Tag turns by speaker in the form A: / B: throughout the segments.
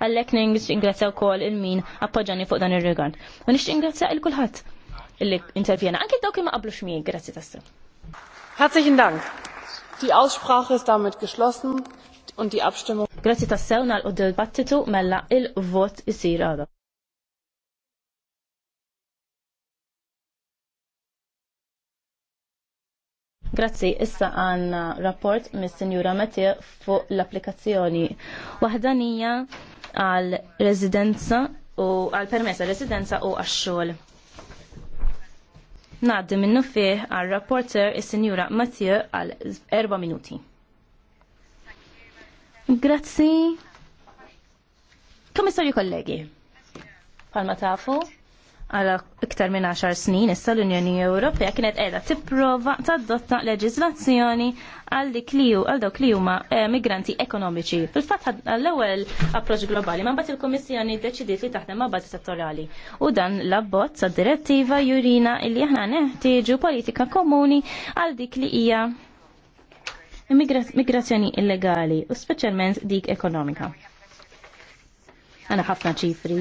A: għallek nengħis ingrazzja u kol il-min appoġġani fuq dan il-rigard. U nix ingrazzja il-kulħat illi intervjena. Anki dawk ma qablux mi, grazzi tassu.
B: Herzlichen Dank.
A: Die Aussprache ist damit geschlossen und die Abstimmung. Grazzi tassew nal u dibattitu mella il-vot isir għada. Grazzi, issa għanna rapport mis-Sinjura Mattia fuq l-applikazzjoni. Wahdanija għal residenza u għal permessa residenza u għax xogħol. Naddi minnu fih għal rapporter is-Sinjura Mathieu għal erba' minuti. Grazzi. Komissarju kollegi, palma tafu, għala iktar minn 10 snin issa l-Unjoni Ewropea kienet qiegħda tipprova tadotta leġiżlazzjoni għal dik li għal dawk li huma eh, migranti ekonomiċi. Fil-fatt għall-ewwel approċċ globali, ma mbagħad il-Kummissjoni ddeċidiet li taħdem ma' bażi settorali. U dan l-abbozz tad-direttiva jurina li aħna neħtieġu politika komuni għal dik li hija migrazzjoni illegali u speċjalment dik ekonomika għana ħafna ċifri,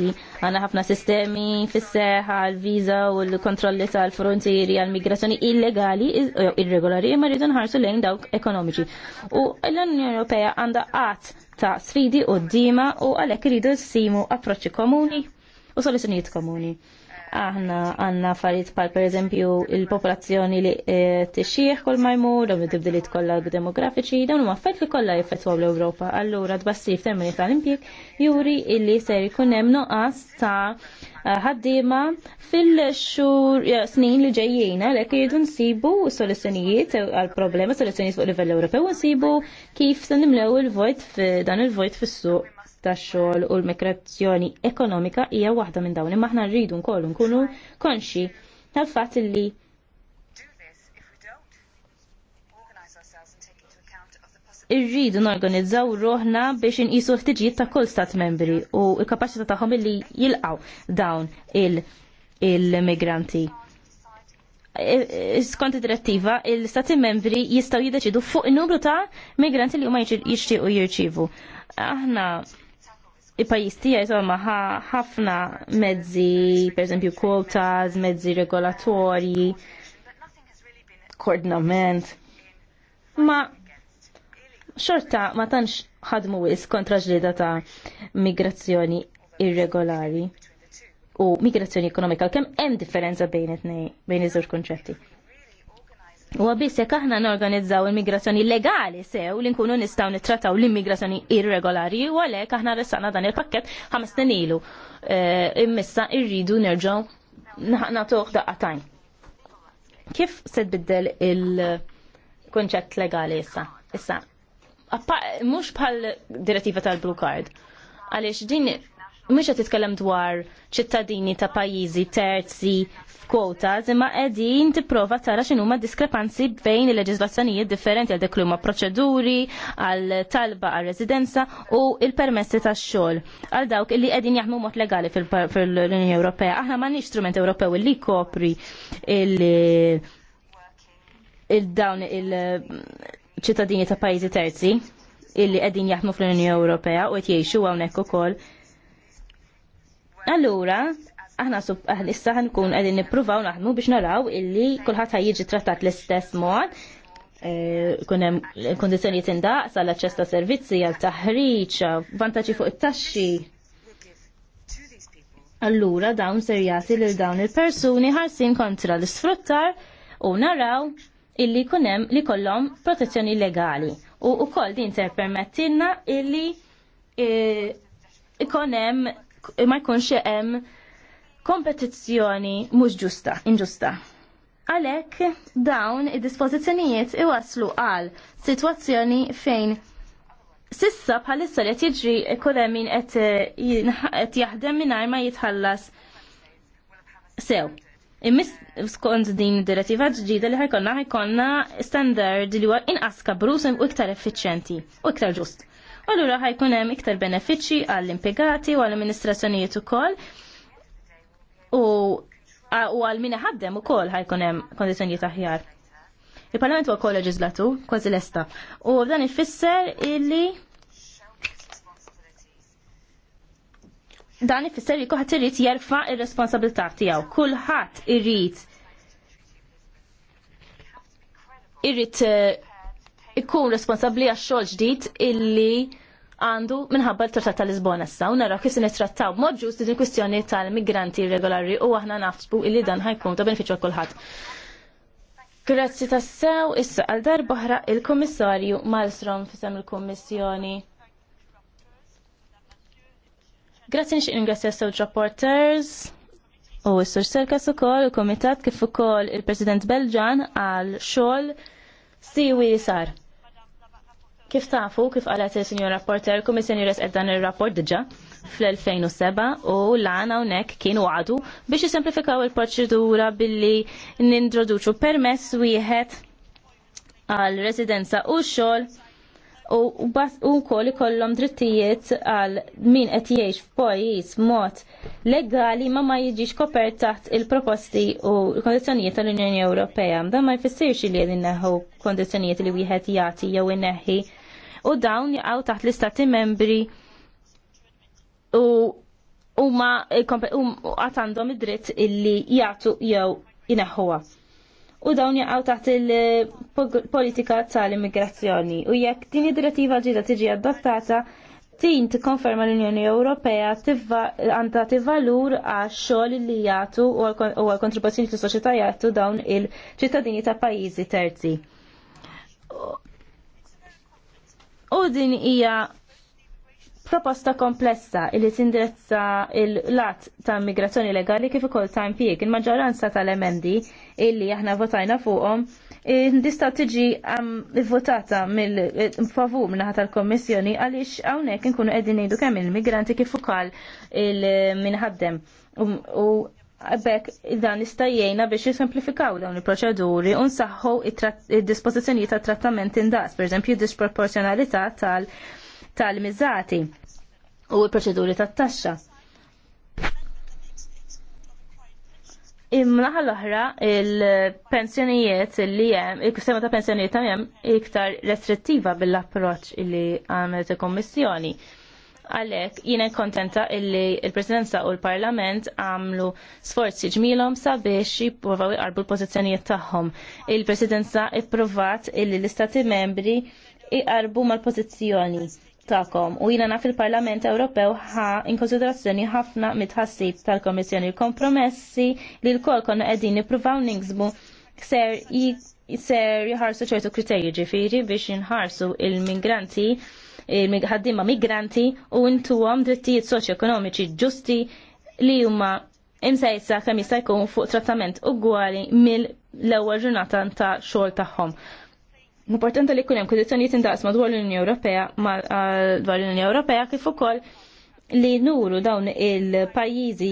A: għana ħafna sistemi fis-seħħa għal-viza u l-kontrolli tal-frontieri għal-migrazzjoni illegali eh, irregolari imma rridu nħarsu lejn dawk ekonomiċi. U l-Unjoni Ewropea għandha qatt ta' sfidi u d-dima u għalhekk iridu ssimu approċċi komuni u soluzzjonijiet komuni aħna għanna farid pal per eżempju il-popolazzjoni li eh, t-xieħ kol majmur, dawn id-dibdilit kollha demografiċi, dawn huma affett li kollha jiffettwa l-Ewropa. Allura tbassir termini tal-impjeg juri illi ser ikun hemm noqas ta' eh, ħaddiema fil-xhur eh, snin li ġejjin għalhekk jridu nsibu soluzzjonijiet għal problema soluzzjonijiet fuq livell Ewropew nsibu kif se nimlew il-vojt f'dan il-vojt fis-suq tax-xogħol u l-migrazzjoni ekonomika hija waħda minn dawn. Imma aħna rridu nkollu nkunu konxi tal-fatt li irridu norganizzaw roħna biex inqisu l ħtiġijiet ta' kull stat membri u l-kapaċità tagħhom li jilqaw dawn il-migranti. E, e, skont id-direttiva, il-stati membri jistaw jiddeċidu fuq in-numru ta' migranti li huma jixtiequ jirċivu. Aħna il-pajis tijaj insomma ħafna mezzi, per esempio, quotas, mezzi regolatorji, koordinament. Ma xorta ma tantx ħadmu wis kontra ġlida ta' migrazzjoni irregolari u migrazzjoni ekonomika kemm hemm differenza bejn it-tnejn bejn iż-żewġ kunċetti. U għabisse aħna norganizzaw il-migrazzjoni legali sew li nkunu nistaw nittrataw l-immigrazzjoni irregolari u għalek aħna ressana dan il-pakket ħames nenilu. E, immissa irridu nerġaw natuħ daqqatajn. Kif se tbiddel il-konċett legali issa? Issa, mux bħal direttiva tal-Blue Card. Għalix din mhux qed titkellem dwar ċittadini ta' pajjiżi terzi f'kwota, imma qegħdin tipprova tara x'inhu huma diskrepanzi bejn il-leġiżlazzjonijiet differenti għal dekluma li huma proċeduri għal talba għal residenza u il-permessi tax-xogħol għal dawk illi qegħdin jaħmu mod legali fil-Unjoni Ewropea. Aħna m'għandniex strument Ewropew li jkopri il- il-dawn il-ċittadini ta' pajjiżi terzi illi qegħdin jaħdmu fl-Unjoni Ewropea u qed jgħixu hawnhekk ukoll Allura, aħna sub issa ħankun qegħdin nippruvaw naħmu biex naraw illi kulħadd ħajjiġi trattat l-istess mod eh, Kunem hemm kondizzjonijiet indaqs għall servizzi għal taħriġ, vantaċi fuq it-taxxi. Allura dawn ser jagħti lil dawn il-persuni ħarsin kontra l-isfruttar u naraw illi kunem hemm li kollom protezzjoni legali. U wkoll din ser permettinna illi eh, ikun hemm ma jkunx hemm kompetizzjoni mhux ġusta, inġusta. Għalhekk dawn id-dispożizzjonijiet iwaslu għal sitwazzjoni fejn sissa bħalissa li jiġri kolem min qed jaħdem mingħajr ma jitħallas sew. Immis skont din direttiva ġdida li ħajkonna ħajkonna standard li huwa inqas kabrus u iktar effiċjenti u iktar ġust allura ħajkun hemm iktar benefiċċji għall-impjegati u għall-amministrazzjonijiet ukoll u u għal min ħaddem ukoll ħajkun hemm kondizzjonijiet aħjar. Il-Parlament huwa wkoll leġislatur, kważi lesta. U dan ifisser illi dan ifisser li kuħat irrit jerfa' ir-responsabilità tiegħu. Kulħadd irrit irrit eh, ikun responsabbli għax xogħol ġdid illi għandu minħabba l-Trattat tal-Lisbona issa u naraw kif se nittrattaw mod ġust din kwistjoni tal-migranti irregolari u aħna naħsbu illi dan ħajkun ta' benefiċċju għal kulħadd. Grazzi tassew issa għal darbohra il-Kummissarju Malstrom fisem il-Kummissjoni. Grazzi nxieq ingrazzja sewġ rapporters u s-sur Serkas ukoll il-Kumitat kif ukoll il-President Belġan għal xogħol siwi sar Kif tafu, kif għalat il-Sinjor Rapporter, Komissjoni resqed dan il-rapport dġa fl-2007 u l-għana unnek kienu għadu biex jisemplifikaw il-proċedura billi nintroduċu permess wieħed għal residenza u xol u wkoll ikollhom drittijiet għal min qed jgħix f'pajjiż mod legali ma ma jiġix kopert taħt il-proposti u l-kondizzjonijiet tal-Unjoni Ewropea. Dan ma jfissirx li qegħdin neħu kondizzjonijiet li wieħed jagħti jew inneħħi u dawn jaqgħu taħt l-istati membri u huma qatt għandhom id-dritt illi jagħtu jew jneħħuha. U dawn jaqgħu taħt il-politika tal-immigrazzjoni u jekk din id-direttiva ġida tiġi adottata tin tikkonferma l-Unjoni Ewropea għandha tivalur għax xogħol li jagħtu u għal kontribuzzjoni fis soċjetà jagħtu dawn il-ċittadini ta' pajjiżi terzi. U din hija proposta komplessa li tindrezza il-lat ta' migrazzjoni legali kif ukoll ta' impjieg. Il-maġġoranza tal-emendi illi aħna votajna fuqhom eh, tista' tiġi votata mill-favur eh, minnaħa tal-Kommissjoni għaliex hawnhekk inkunu qegħdin ngħidu kemm il-migranti kif ukoll il-minħaddem. U Bekk dan istajjena biex jisemplifikaw dawn il-proċeduri u nsaħħu id-dispożizzjonijiet tat trattament indaqs, pereżempju disproporzjonalità tal-miżati u l-proċeduri tat-taxxa. Imnaħa l-oħra, il-pensjonijiet li jem, il-sistema ta' pensjonijiet ta' jem iktar restrittiva bil-approċ li għamlet il-Kommissjoni. Għalek, jina kontenta illi il-Presidenza u l-Parlament għamlu sforzi ġmilom sabiex jipprovaw jqarbu l-pozizjonijiet tagħhom. Il-Presidenza ippruvat illi l-Istati membri jqarbu mal-pozizjoni tagħkom u jina naf il-Parlament Ewropew ħa in konsiderazzjoni ħafna mitħassib tal-Komissjoni l-kompromessi li l-kol konna qegħdin nippruvaw niksbu ser ser jħarsu ċertu kriterju ġifiri biex jinħarsu il-migranti ħaddima migranti u għom drittijiet ekonomiċi ġusti li huma imsejsa kemm jista' jkun fuq trattament ugwali mill-ewwel ġurnata ta' xogħol tagħhom. Importanti li jkun hemm kundizzjonijiet indaqs madwar l-Unjoni Ewropea eh, dwar l-Unjoni Ewropea kif ukoll li nuru dawn il-pajjiżi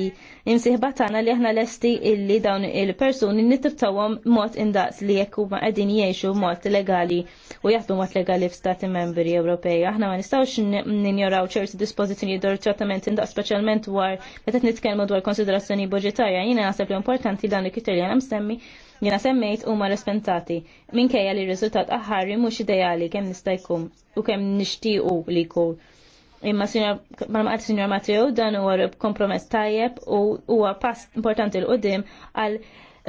A: imsiħba tagħna li aħna lesti illi dawn il-persuni nittibtawom mod indaqs li jekk huma qegħdin jgħixu mod legali u jaħdu mod legali f'stati membri Ewropej. Aħna ma nistgħux ninjoraw ċerti dispozizjoni dwar trattament indaqs speċjalment dwar meta nitkellmu dwar konsiderazzjoni budgetarja, Jiena naħseb li importanti dan il-kriterja hemm semmi jina semmejt huma respentati. minkejja li r-riżultat aħħarri mhux ideali kemm nista' jkun u kemm nixtiequ li jkun. Imma ma maqat Sinjor Matteo, dan huwa kompromess tajjeb u huwa pass importanti l-qudiem għal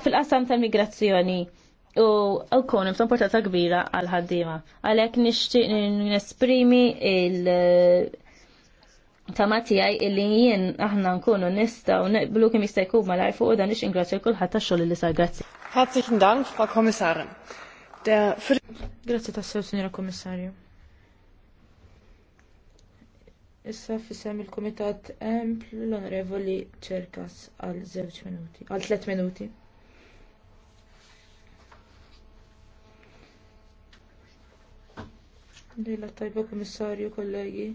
A: fil-qasam tal-migrazzjoni u għal-konim ta' importanza kbira għal-ħaddima. Għalek nishtiq nesprimi il- tamatijaj illi jien aħna nkunu nista u neqblu kim jistajkub ma lajfu u dan ix ingrazzja kullħat ta' xogħol li sar grazzi.
C: Herzlichen Dank, Frau Kommissarin. Grazie sew, Signora Kommissarju. Issa fissem il kumitat Empl l-Onorevoli Ċerkas għal żewġ minuti, għal tliet minuti. Lejla tajba komissarju, kollegi.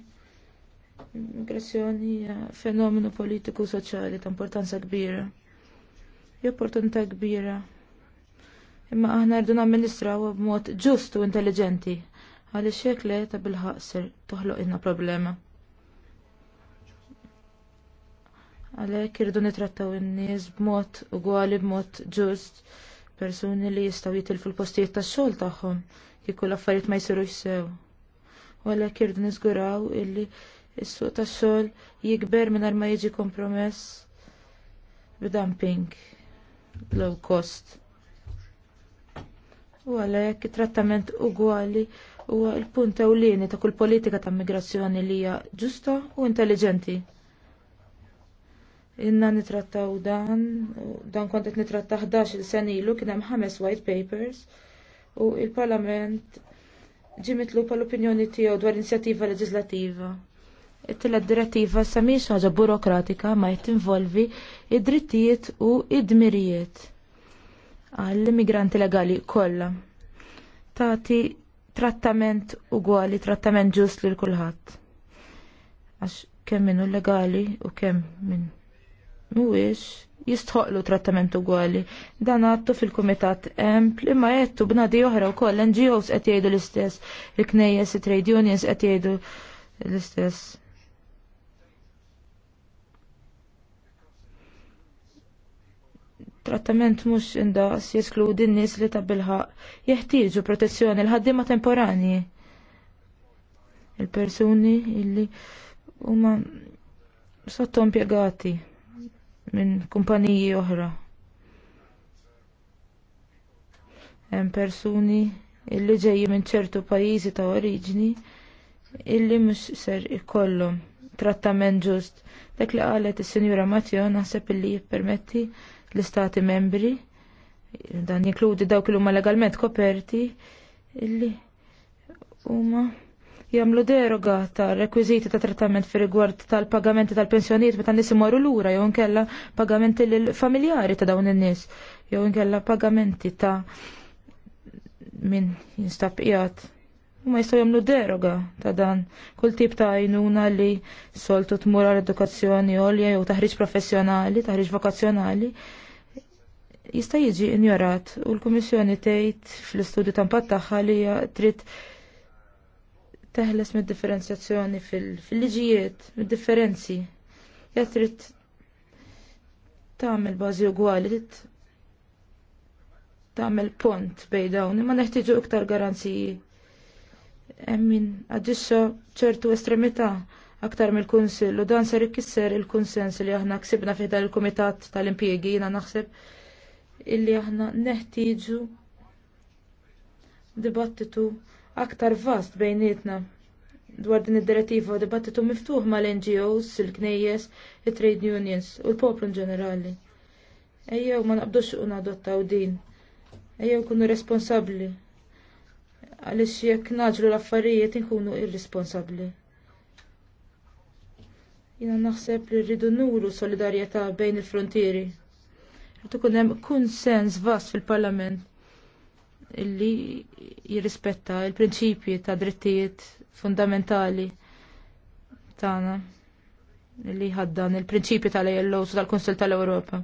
C: Immigrazzjoni hija fenomenu politiku soċjali ta' importanza kbira. Hija opportunità kbira. Imma aħna rridu namministrawha b'mod ġust u intelligenti għaliex hekk le ta' bil-ħaqser toħloq ilna problema. Għalhekk irridu nitrattaw in-nies b'mod ugwali b'mod ġust persuni li jistgħu jitilfu l-postijiet tax-xogħol tagħhom kieku l-affarijiet ma jsirux sew. U għalhekk irridu niżguraw illi s suq tax-xogħol jikber mingħajr ma jiġi kompromess b'dumping low cost. U għalhekk it trattament ugwali huwa l punt ewlieni ta' kull politika ta' migrazzjoni li hija ġusta u intelligenti. Inna nitrattaw dan, dan kont qed nitratta 11 sen ilu kien hemm ħames white papers u il-Parlament ġie mitlub għall opinjoni tiegħu dwar inizjattiva leġislattiva. It-tielet direttiva sa mhix ħaġa burokratika ma qed involvi id-drittijiet u id-dmirijiet għall-immigranti legali kollha. Tati trattament ugwali, trattament ġust lil kulħadd. Għax kemm minnu legali u kemm minn mhuwiex jistħoqlu trattament ugwali. Dan għattu fil-kumitat empl imma jettu b'nadi oħra wkoll NGOs qed jgħidu l-istess, il-knejjes, trade unions qed jgħidu l-istess. Trattament mhux indaqs jeskludi n-nies li ta' bilħaq jeħtieġu protezzjoni l-ħaddiema temporani. Il-persuni illi huma piegati minn kumpaniji oħra. Hemm persuni illi ġejji minn ċertu pajjiżi ta' oriġni illi mhux ser ikollhom trattament ġust. Dak li qalet is-Sinjura Matjo naħseb illi jippermetti l-istati membri dan jinkludi dawk li huma legalment koperti illi huma Jamlu deroga ta' rekwiżiti ta' trattament fi rigward tal-pagamenti tal-pensjonijiet meta nies imorru lura jew inkella pagamenti lil familjari ta' dawn in-nies jew inkella pagamenti ta' min jinstab qiegħed. Ma jistgħu jagħmlu deroga ta' dan kull tip ta' għajnuna li soltu tmur għal edukazzjoni għolja jew taħriġ professjonali, taħriġ vokazzjonali jista' jiġi injorat u l-Kummissjoni tgħid fl-istudju ta' impatt tagħha li trid teħles mid-differenzjazzjoni fil-liġijiet, mid-differenzi. Ja trid tagħmel bażi ugwali, trid tagħmel pont bejn dawn, imma neħtieġu iktar garanziji. Hemm min aġixxa ċertu estremità aktar mill-kunsill u dan ser ikkisser il-kunsens li aħna ksibna fih il-kumitat tal-impjiegi jiena naħseb illi aħna neħtieġu dibattitu aktar vast bejnietna dwar din id-direttiva dibattitu miftuħ mal-NGOs, il-knejjes, il-trade unions u l-poplu ġenerali. Ejjew ma naqbdux u nadottaw din. Ejjew kunu responsabli. Għalix jekk naġlu l-affarijiet inkunu irresponsabli. Jina naħseb li rridu nuru solidarjetà bejn il-frontieri. Rridu kunem kun sens vast fil-parlament Illi jirrispetta il-prinċipji ta' drittijiet fundamentali tagħna li ħaddan il-prinċipji tal-ILO u tal-Kunsil tal-Ewropa.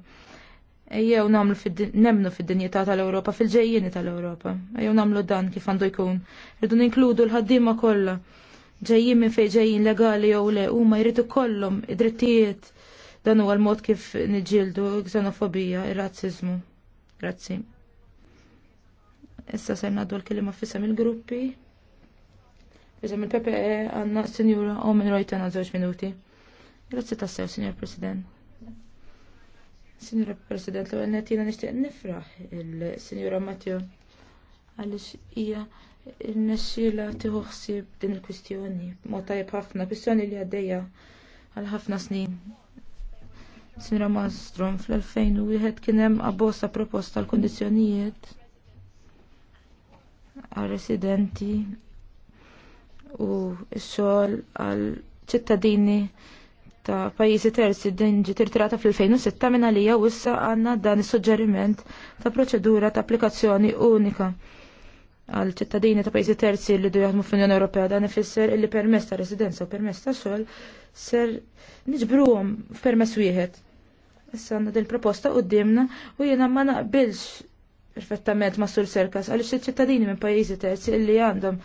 C: Ejjew namlu nemnu fid-dinjità tal-Ewropa, fil-ġejjieni tal-Ewropa. Ejjew namlu dan kif għandu jkun. Rridu ninkludu l-ħaddiema kollha ġejjin minn fejn ġejjin legali jew le huma jridu kollhom id-drittijiet dan huwa l-mod kif niġġieldu xenofobija, ir-razziżmu. Grazzi. Issa se ngħaddu l-kelima f'isem il-gruppi. Iżem il-PPE s-senjura Sinjura Omen Rojten għanna żewġ minuti. Grazzi sew, Signor President. Sinjura President, l-ewwel nettina nixtieq nifraħ il-Sinjura Matteo għaliex hija il-nesċila tieħu ħsieb din il-kwistjoni mod tajjeb ħafna, kwistjoni li għaddejja għal ħafna snin. Sinjura Mastrom fl-2001 kien hemm abbossa proposta l-kundizzjonijiet għal-residenti u x-xogħol għal-ċittadini ta' pajjiżi terzi din ġiet irtirata fl-2006 minn għalija u issa għandna dan is-suġġeriment ta' proċedura ta' applikazzjoni unika għal ċittadini ta' pajjiżi terzi li du jaħdmu fl-Unjoni Ewropea dan ifisser illi permess ta' residenza u permess ta' xogħol ser niġbruhom f'permess wieħed. Issa għandna din proposta qudiemna u jiena ma naqbilx perfettament ma' sur serkas għaliex iċ-ċittadini minn pajjiżi terzi li għandhom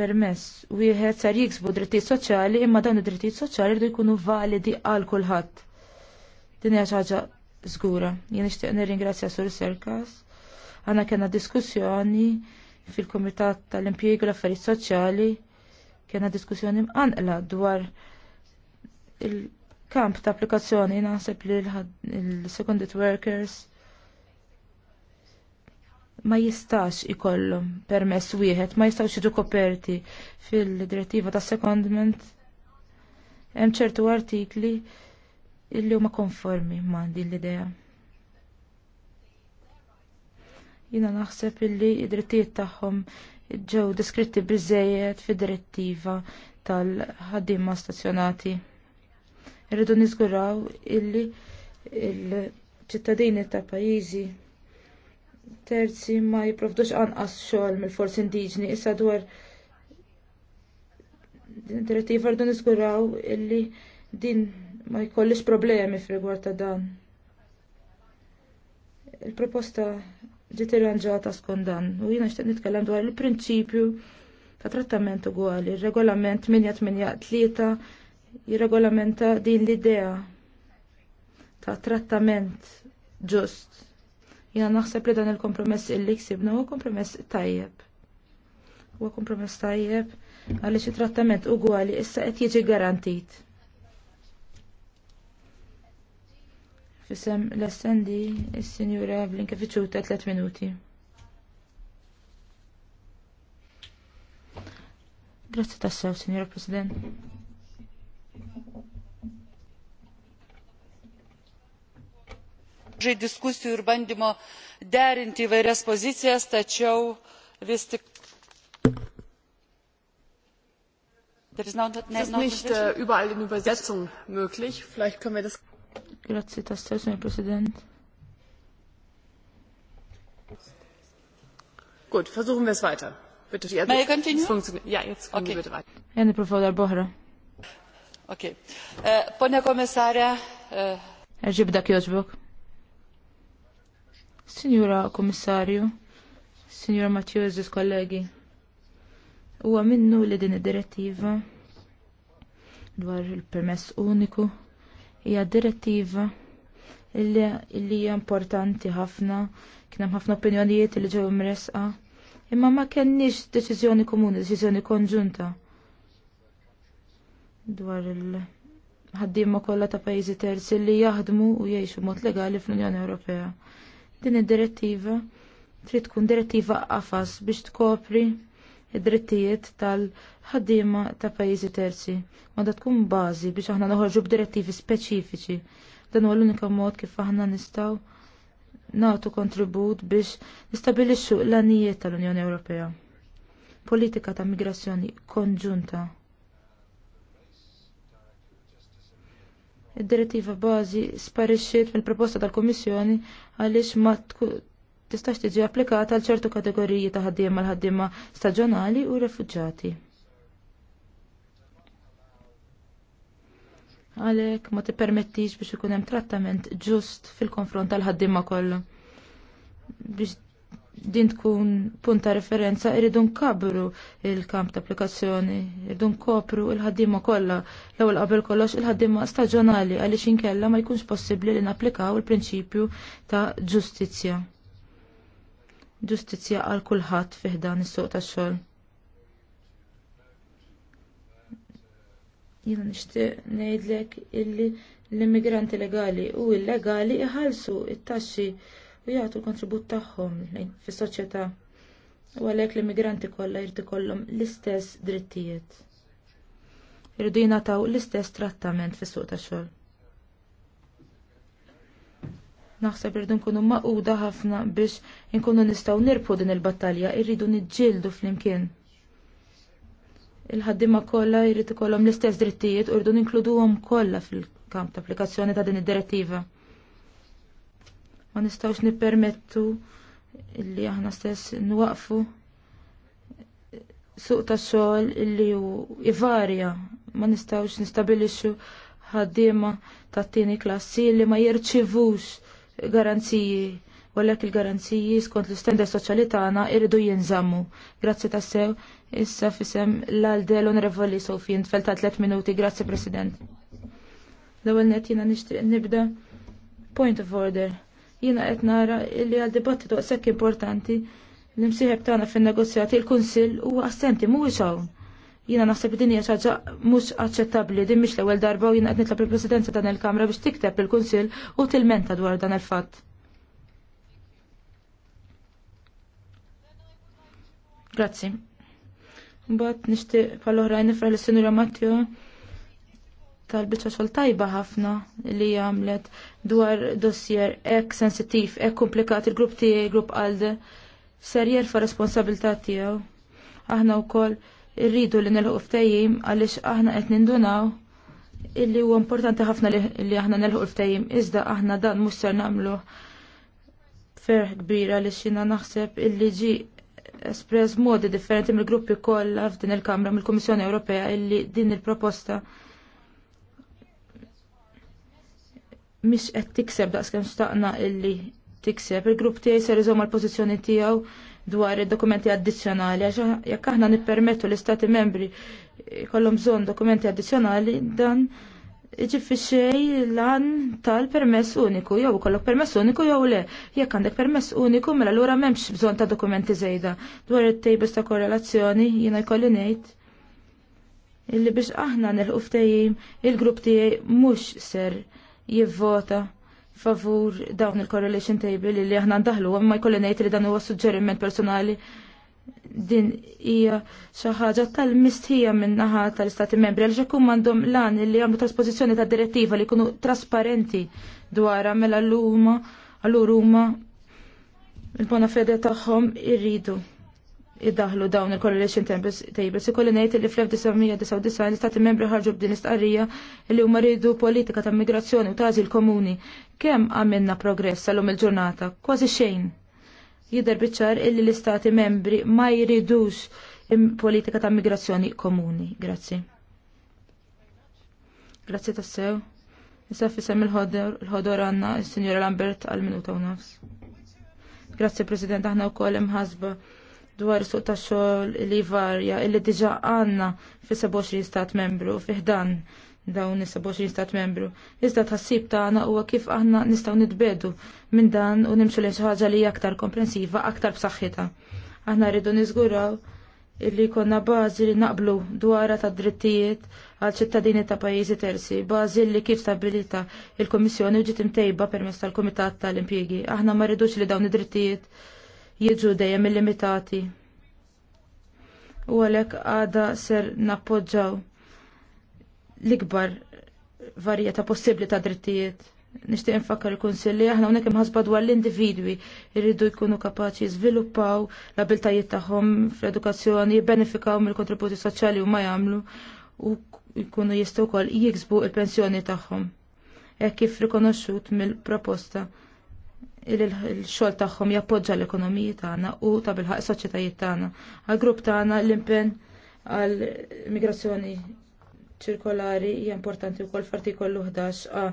C: permess u wieħed sar jiksbu drittijiet soċjali imma dawn id-drittijiet soċjali rridu jkunu validi għal kulħadd. Din hija ħaġa żgura. Jien nixtieq nirringrazzja sur serkas. Għana kena diskussjoni fil-Kumitat tal-Impjegu l-Affarijiet Soċjali kena diskussjoni mqanqla dwar il-kamp ta' applikazzjoni naħseb li l secondit workers ma jistax ikollhom permess wieħed, ma jistax jiġu koperti fil-direttiva ta' secondment. Hemm ċertu artikli illi huma konformi ma' din l-idea. Jina naħseb illi id-drittijiet tagħhom ġew deskritti biżejjed fid-direttiva tal-ħaddiema stazzjonati. Irridu niżguraw illi il-ċittadini ta' pajjiżi terzi ma jipprovdux anqas xogħol mill-forzi indiġeni issa dwar din direttiva rdu niżguraw illi din ma jkollix problemi f'rigward ta' dan. Il-proposta ġiet irranġata skont dan u jiena xtaqt nitkellem dwar il-prinċipju ta' trattament ugwali. Ir-regolament 883 jirregolamenta din l-idea ta' trattament ġust Jena naħseb li dan il-kompromess illi ksibna huwa kompromess tajjeb. Huwa kompromess tajjeb għaliex it-trattament ugwali issa qed jiġi garantit. Fisem l-essendi is-Sinjura Blinkeviċu ta' 3 minuti. Grazzi tassew, Sinjura President.
D: nemažai diskusijų ir bandymo derinti įvairias pozicijas tačiau vis tik äh, Gut, versuchen wir es weiter. Bitte, die May I continue? Ja, jetzt können okay. wir bitte weiter.
C: Jene Professor
D: äh, Pone Kommissare. Äh,
C: Erġib Signora Komissarju, Signora Matjużis, kollegi, huwa minnu li din id-direttiva dwar il-permess uniku hija direttiva li hija importanti ħafna kien hemm ħafna opinjonijiet li ġew imresqa imma ma kenniex deċiżjoni komuni, deċiżjoni konġunta dwar il-ħaddiema kollha ta' pajjiżi terzi li jaħdmu u jgħixu mod legali fl-Unjoni Ewropea. Din id-direttiva trid tkun direttiva qafas biex tkopri id-drittijiet tal-ħaddiema ta' pajjiżi terzi. Għandha tkun bażi biex aħna noħorġu b'direttivi speċifiċi. Dan huwa l-unika mod kif aħna nistgħu nagħtu kontribut biex nistabilixxu l-għanijiet tal-Unjoni Ewropea. Politika ta' migrazzjoni konġunta Id-direttiva bażi sparixxiet mill-proposta tal-Kummissjoni għaliex ma tistax tiġi applikata għal ċertu kategoriji ta' ħaddiema l ħaddiema staġjonali u refuġġati. Għalhekk ma tippermettix biex ikun hemm trattament ġust fil-konfront tal-ħaddiema kollha biex din tkun punta referenza irridu nkabru il-kamp ta' applikazzjoni, irridu nkopru il-ħaddima kollha l-ewwel qabel kollox il-ħaddima staġjonali għaliex inkella ma jkunx possibbli li napplikaw il-prinċipju ta' ġustizzja. Ġustizzja għal kulħadd fih dan is-suq tax-xogħol. Jiena nixtieq ngħidlek illi l-immigranti legali u illegali iħallsu it-taxxi u jagħtu l-kontribut tagħhom fis-soċjetà u għalhekk l-immigranti kollha jrid ikollhom l-istess drittijiet. Irridu jingħataw l-istess trattament fis-suq tax-xogħol. Naħseb irridu nkunu maquda ħafna biex inkunu nistgħu nirbħu din il-battalja, irridu niġġieldu flimkien. Il-ħaddiema kollha jrid ikollhom l-istess drittijiet u jridu ninkluduhom kollha fil-kamp ta' applikazzjoni ta' din id-direttiva ma nistawx nippermettu illi aħna stess nwaqfu suq ta' xogħol illi hu ivarja ma nistawx nistabilixxu ħaddiema ta' tieni klassi li ma jirċivux garanziji għalhekk il-garanziji skont l-istandard soċjali tagħna jridu jinżammu. Grazzi tassew, issa fisem l-għaldel onorevoli Sofin tfel ta' tliet minuti, grazzi President. L-ewwel nett jiena nixtieq nibda point of order. Jiena qed nara li għal dibattitu għasek importanti l-imsieħeb tagħna fin-negozjati il-Kunsill huwa assenti mhuwiex hawn. Jiena naħseb din hija ħaġa mhux aċċettabbli din mhix l-ewwel darba u jiena qed nitlob il-Presidenza dan il-Kamra biex tikteb il-Kunsill u tilmenta dwar dan il-fatt. Grazzi. Mbagħad nixtieq bħal oħrajn nifra lis-Sinjura Matteo tal-bicċa tajba ħafna li għamlet dwar dossier ek sensitiv, ek komplikat il-grupp tiegħi, grupp għalde, ser jerfa responsabilta tijaw. Aħna u koll irridu li nelħu ftehim għalix aħna qed nindunaw illi huwa importanti ħafna li aħna nelħu ftehim, iżda aħna dan mhux ser nagħmlu ferħ kbira li xina naħseb illi ġi espress modi differenti mill-gruppi kollha f'din il-Kamra mill-Kummissjoni Ewropea illi din il-proposta il proposta mis qed tikseb daqskemm staqna illi tikseb. Il-grupp tiegħi ser iżomm l-pożizzjoni tiegħu dwar id-dokumenti addizzjonali għax jekk aħna nippermettu l-istati membri kollhom bżonn dokumenti addizzjonali dan ġifi xej lan tal-permess uniku, jew kollok permess uniku jew le. Jekk għandek permess uniku, mela allura m'hemmx bżonn ta' dokumenti żejda. Dwar it-tejbis ta' korrelazzjoni jiena jkolli ngħid illi biex aħna nilħu ftehim il-grupp tiegħi mhux ser jivvota favur dawn il-correlation table li aħna ndaħlu, imma jkolli ngħid li dan huwa suġġeriment personali din hija xi ħaġa tal-mistija minn naħa tal-Istati Membri għal xekk għandhom lan li għamlu trasposizzjoni ta' direttiva li jkunu trasparenti dwarha mela l-huma għallur huma il-bona fede tagħhom irridu iddaħlu dawn il coalition tables. Ikolli ngħid li fl-1999 l-istati membri ħarġu b'din istqarrija li huma rridu politika ta' migrazzjoni u tażil komuni. Kemm għamilna progress sal-lum il-ġurnata? Kważi xejn. Jidher biċċar illi l-istati membri ma jridux politika ta' migrazzjoni komuni. Grazzi. Grazzi tassew. Issa fissem il-ħodor għanna il-Sinjora Lambert għal-minuta u nafs. Grazzi President, aħna u kolem ħazba dwar suq ta' xogħol li varja illi diġà għandna fi 27 stat membru fi ħdan dawn is-27 stat membru. Iżda tħassib tagħna huwa kif aħna nistgħu nitbedu minn dan u nimxu lejn xi ħaġa li hija aktar komprensiva, aktar b'saħħitha. Aħna rridu niżguraw illi konna bażi li naqblu dwara ta' drittijiet għal ċittadini ta' pajjiżi terzi, bażi li kif stabilita il kummissjoni ġiet imtejba permezz tal-Kumitat tal-Impjiegi. Aħna ma rridux li dawn id-drittijiet jiġu dejjem illimitati. U għalhekk għada ser nappoġġaw l-ikbar varjeta possibbli ta' drittijiet. Nixtieq infakkar il-Kunsilli aħna hawnhekk imħasba dwar l-individwi jridu jkunu kapaċi jiżviluppaw l-abiltajiet tagħhom fl-edukazzjoni, jibbenefikaw mill-kontributi soċjali ma jagħmlu u jkunu jistgħu wkoll jiksbu l pensjoni tagħhom. Hekk kif rikonoxxut mill-proposta il-xogħol tagħhom jappoġġa l-ekonomiji tagħna u ta' bilħaq soċjetajiet tagħna. għal grupp tagħna l-impenn għal migrazzjoni ċirkolari hija importanti wkoll f'artikolu 11 a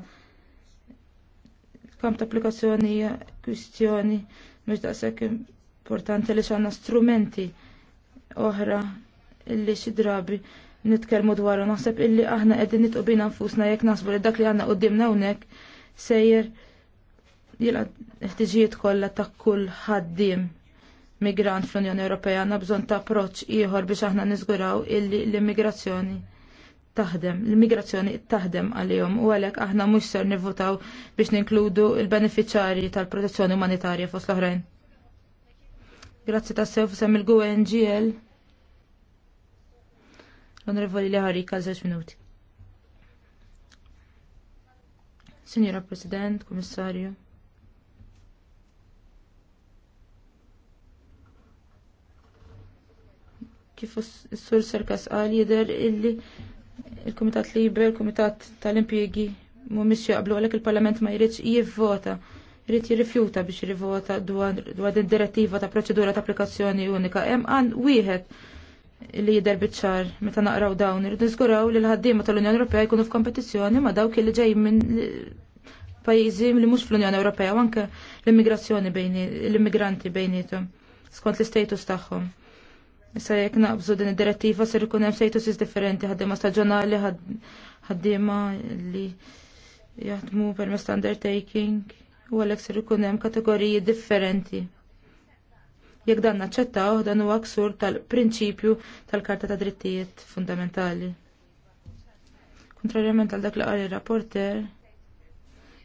C: kamp ta' applikazzjoni hija kwistjoni mhux daqshekk importanti li għandna strumenti oħra illi xi drabi nitkellmu dwaru naħseb illi aħna qegħdin nitqu bina nfusna jekk naħsbu li dak li għandna qudiemna hawnhekk sejjer jilqa ħtiġijiet kollha ta' kull ħaddiem migrant fl-Unjoni Ewropea għandna bżonn ta' approċċ ieħor biex aħna niżguraw illi l-immigrazzjoni taħdem, l-immigrazzjoni taħdem għalihom u għalhekk aħna mhux ser nivvutaw biex ninkludu l benefiċjarji tal-protezzjoni umanitarja fost l-oħrajn. Grazzi ta' sew sem il-GUNGL. L-Onorevoli Leħari, kal żewġ minuti. Signora President, Commissario. kif s-sur Serkas qal jidher illi il-Kumitat Liber, il-Kumitat tal-Impjegi mhumiex jaqblu għalhekk il-Parlament ma jridx jivvota jrid jirrifjuta biex jirrivota dwar din direttiva ta' proċedura ta' applikazzjoni unika. Hemm għan wieħed li jidher biċ-ċar meta naqraw dawn irid niżguraw li l-ħaddiema tal-Unjoni Ewropea jkunu f'kompetizzjoni ma' dawk li ġej minn pajjiżi li mhux fl-Unjoni Ewropea u anke l-immigrazzjoni bejn l-immigranti bejnietom skont l-istatus tagħhom. Issa jek naqbżu din id-direttiva ser ikun hemm status differenti ħaddiema staġjonali ħaddiema li jaħdmu permezz ta' undertaking u għalhekk ser ikun hemm kategoriji differenti. Jekk dan naċċettaw dan huwa ksur tal-prinċipju tal-Karta ta' Drittijiet Fundamentali. Kontrarjament għal dak li qal ir-rapporter,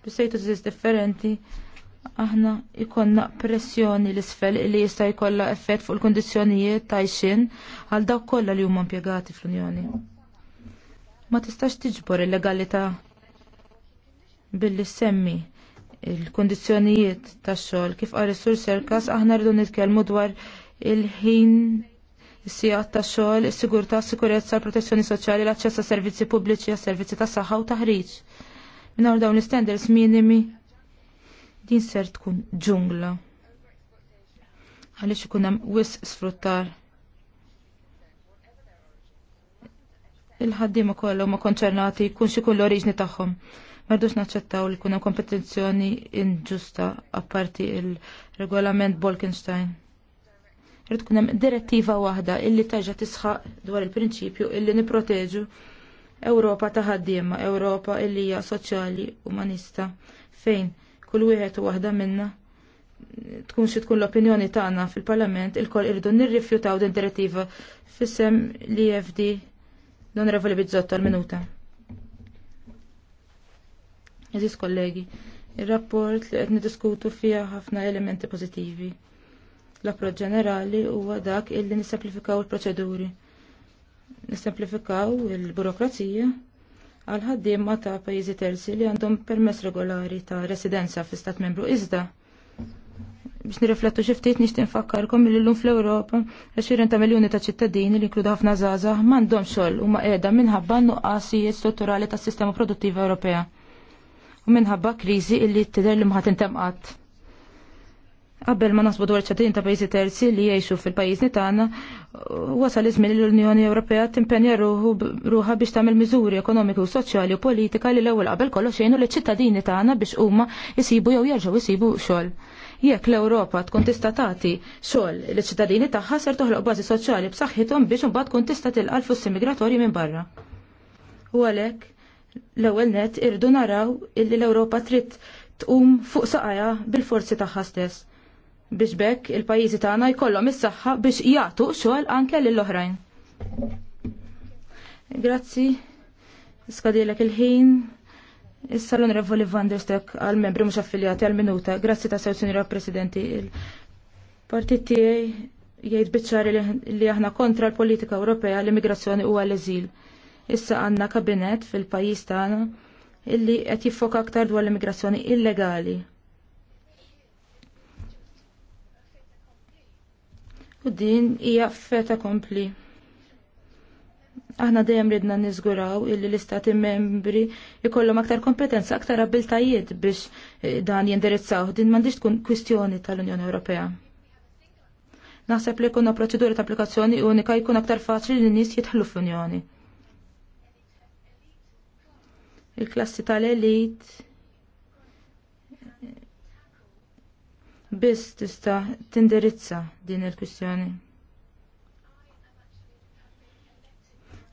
C: bi status differenti aħna ikonna pressjoni l-isfel li jista' jkollha effett fuq il kundizzjonijiet ta' xin għal dawk kollha li huma impjegati fl-Unjoni. Ma tistax tiġbor il-legalità billi semmi il-kondizzjonijiet tax-xogħol kif qari sur serkas aħna rridu nitkellmu dwar il-ħin is-sijat tax-xogħol, is-sigurtà, s-sikurezza, l-protezzjoni soċjali, l-aċċess ta' servizzi pubbliċi, għas servizzi tas saħħa u taħriġ. Minn dawn l istandards minimi din ser tkun ġungla. Għaliex ikun hemm wis sfruttar. Il-ħaddiema kollha huma konċernati jkun xi l oriġni tagħhom. Mardux naċċettaw li kuna kompetizzjoni inġusta apparti il-regolament Bolkenstein. Rrid kunem direttiva waħda illi taġa' tisħaq dwar il-prinċipju illi niproteġu Ewropa ta' ħaddiema, Ewropa illi hija soċjali umanista fejn kull wieħed u waħda minna tkun xi tkun l-opinjoni tagħna fil-Parlament il-kol irdu nirrifjutaw din direttiva fissem li FD l-Onorevoli Bizzotto l-minuta. Eżis kollegi, il-rapport li qed niddiskutu fiha ħafna elementi pożittivi. L-approċ ġenerali huwa dak illi nisemplifikaw il-proċeduri. Nisemplifikaw il-burokrazija, il burokrazija għal ma ta' pajjiżi terzi li għandhom permess regolari ta' residenza fi stat membru iżda. Biex nirriflettu xi ftit nixtieq nfakkarkom li lum fl-Ewropa 20 ta' miljuni ta' ċittadini li jinkludu ħafna mandom m'għandhom xogħol huma qiegħda minħabba nuqqasijiet strutturali tas-sistema produttiva Ewropea. U minħabba kriżi illi tidher li mħat intemqat. Qabel ma nasbu dwar ċatin ta' pajjiżi terzi li jgħixu fil-pajjiżni tagħna, wasal iżmin li l-Unjoni Ewropea timpenja ruħa biex tagħmel miżuri ekonomiku, soċjali u politika li l-ewwel qabel kollox jgħinu liċ ċittadini tagħna biex huma jsibu jew jerġgħu jsibu xogħol. Jekk l-Ewropa tkun tista' tagħti xogħol liċ ċittadini tagħha ser toħloq bażi soċjali b'saħħithom biex imbagħad tkun tista' tilqal flussi immigratorji minn barra. U għalhekk l-ewwel nett irdu naraw illi l-Ewropa trid tqum fuq saqajja bil-forzi tagħha stess biex bekk il-pajjiżi tagħna jkollhom is-saħħa biex jagħtu xogħol anke lill-oħrajn. Grazzi. Skadilek il-ħin. Issa l-Onorevoli Van vandestek għal-membri mhux affiljati għal-minuta. Grazzi ta' sew sinjora Presidenti. Il-partit tiegħi jgħid biċċari li aħna kontra l-politika Ewropea l-immigrazzjoni u għall-eżil. Issa għandna kabinet fil-pajjiż tagħna illi qed jiffoka aktar dwar l-immigrazzjoni illegali U din hija feta kompli. Aħna dejjem ridna niżguraw illi l-istati membri jkollhom aktar kompetenza, aktar abiltajiet biex eh, dan jindirizzaw. Din m'għandix tkun kwistjoni tal-Unjoni Ewropea. Naħseb li jkunna proċeduri ta' applikazzjoni unika jkun aktar faċli li nies jitħlu f'Unjoni. Il-klassi tal-elit biss tista' tindirizza din il-kwistjoni.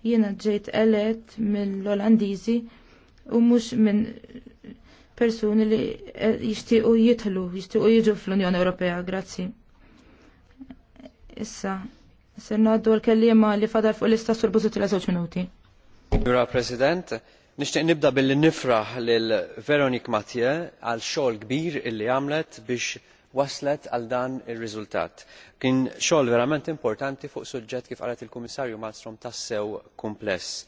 C: Jiena ġejt elett mill-Olandiżi u mhux minn persuni li eh, jixtiequ jidħlu, jixtiequ jiġu fl-Unjoni Ewropea, grazzi. Issa, ser ngħaddu l-kelliema li fadal fuq l-lista sur bużuti la żewġ minuti.
D: Jura President, Nixtieq nibda billi nifraħ lil Veronique Mathieu għal xogħol kbir illi għamlet biex waslet għal dan ir-riżultat. Kien xogħol verament importanti fuq suġġett kif qalet il-Kummissarju Malmström tassew kumpless.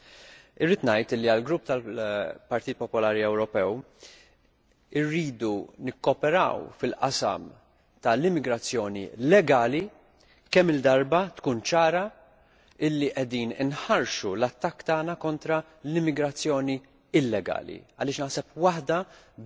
D: Irrid ngħid li għall grupp tal-Partit Popolari Ewropew irridu nikkoperaw fil-qasam tal-immigrazzjoni legali kemm il-darba tkun ċara illi qegħdin inħarxu l-attakk tagħna kontra l-immigrazzjoni illegali għaliex naħseb waħda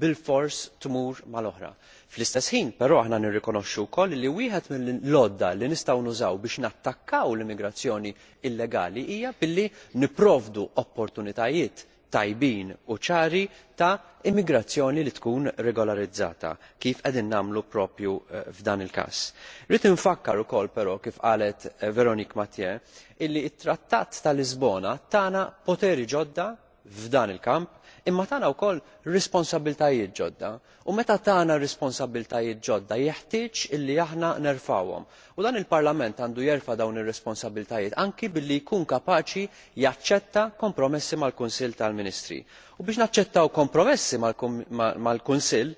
D: bilfors tmur mal-oħra. Fl-istess ħin però aħna nirrikonoxxu wkoll li wieħed mill-lodda li nistgħu nużaw biex nattakkaw l-immigrazzjoni illegali hija billi nipprovdu opportunitajiet tajbin u ċari ta' immigrazzjoni li tkun regolarizzata kif qegħdin nagħmlu propju eh, f'dan il-każ. Rrid infakkar ukoll però kif qalet eh, Veronique Mathieu illi t trattat ta' Lisbona tana poteri ġodda f'dan il-kamp, imma tagħna wkoll responsabiltajiet ġodda. U meta tagħna responsabiltajiet ġodda jeħtieġ illi aħna nerfgħuhom. U dan il-Parlament għandu jerfa' dawn ir-responsabiltajiet anki billi jkun kapaċi jaċċetta kompromessi mal-Kunsill tal-Ministri. U biex naċċettaw kompromessi mal-Kunsill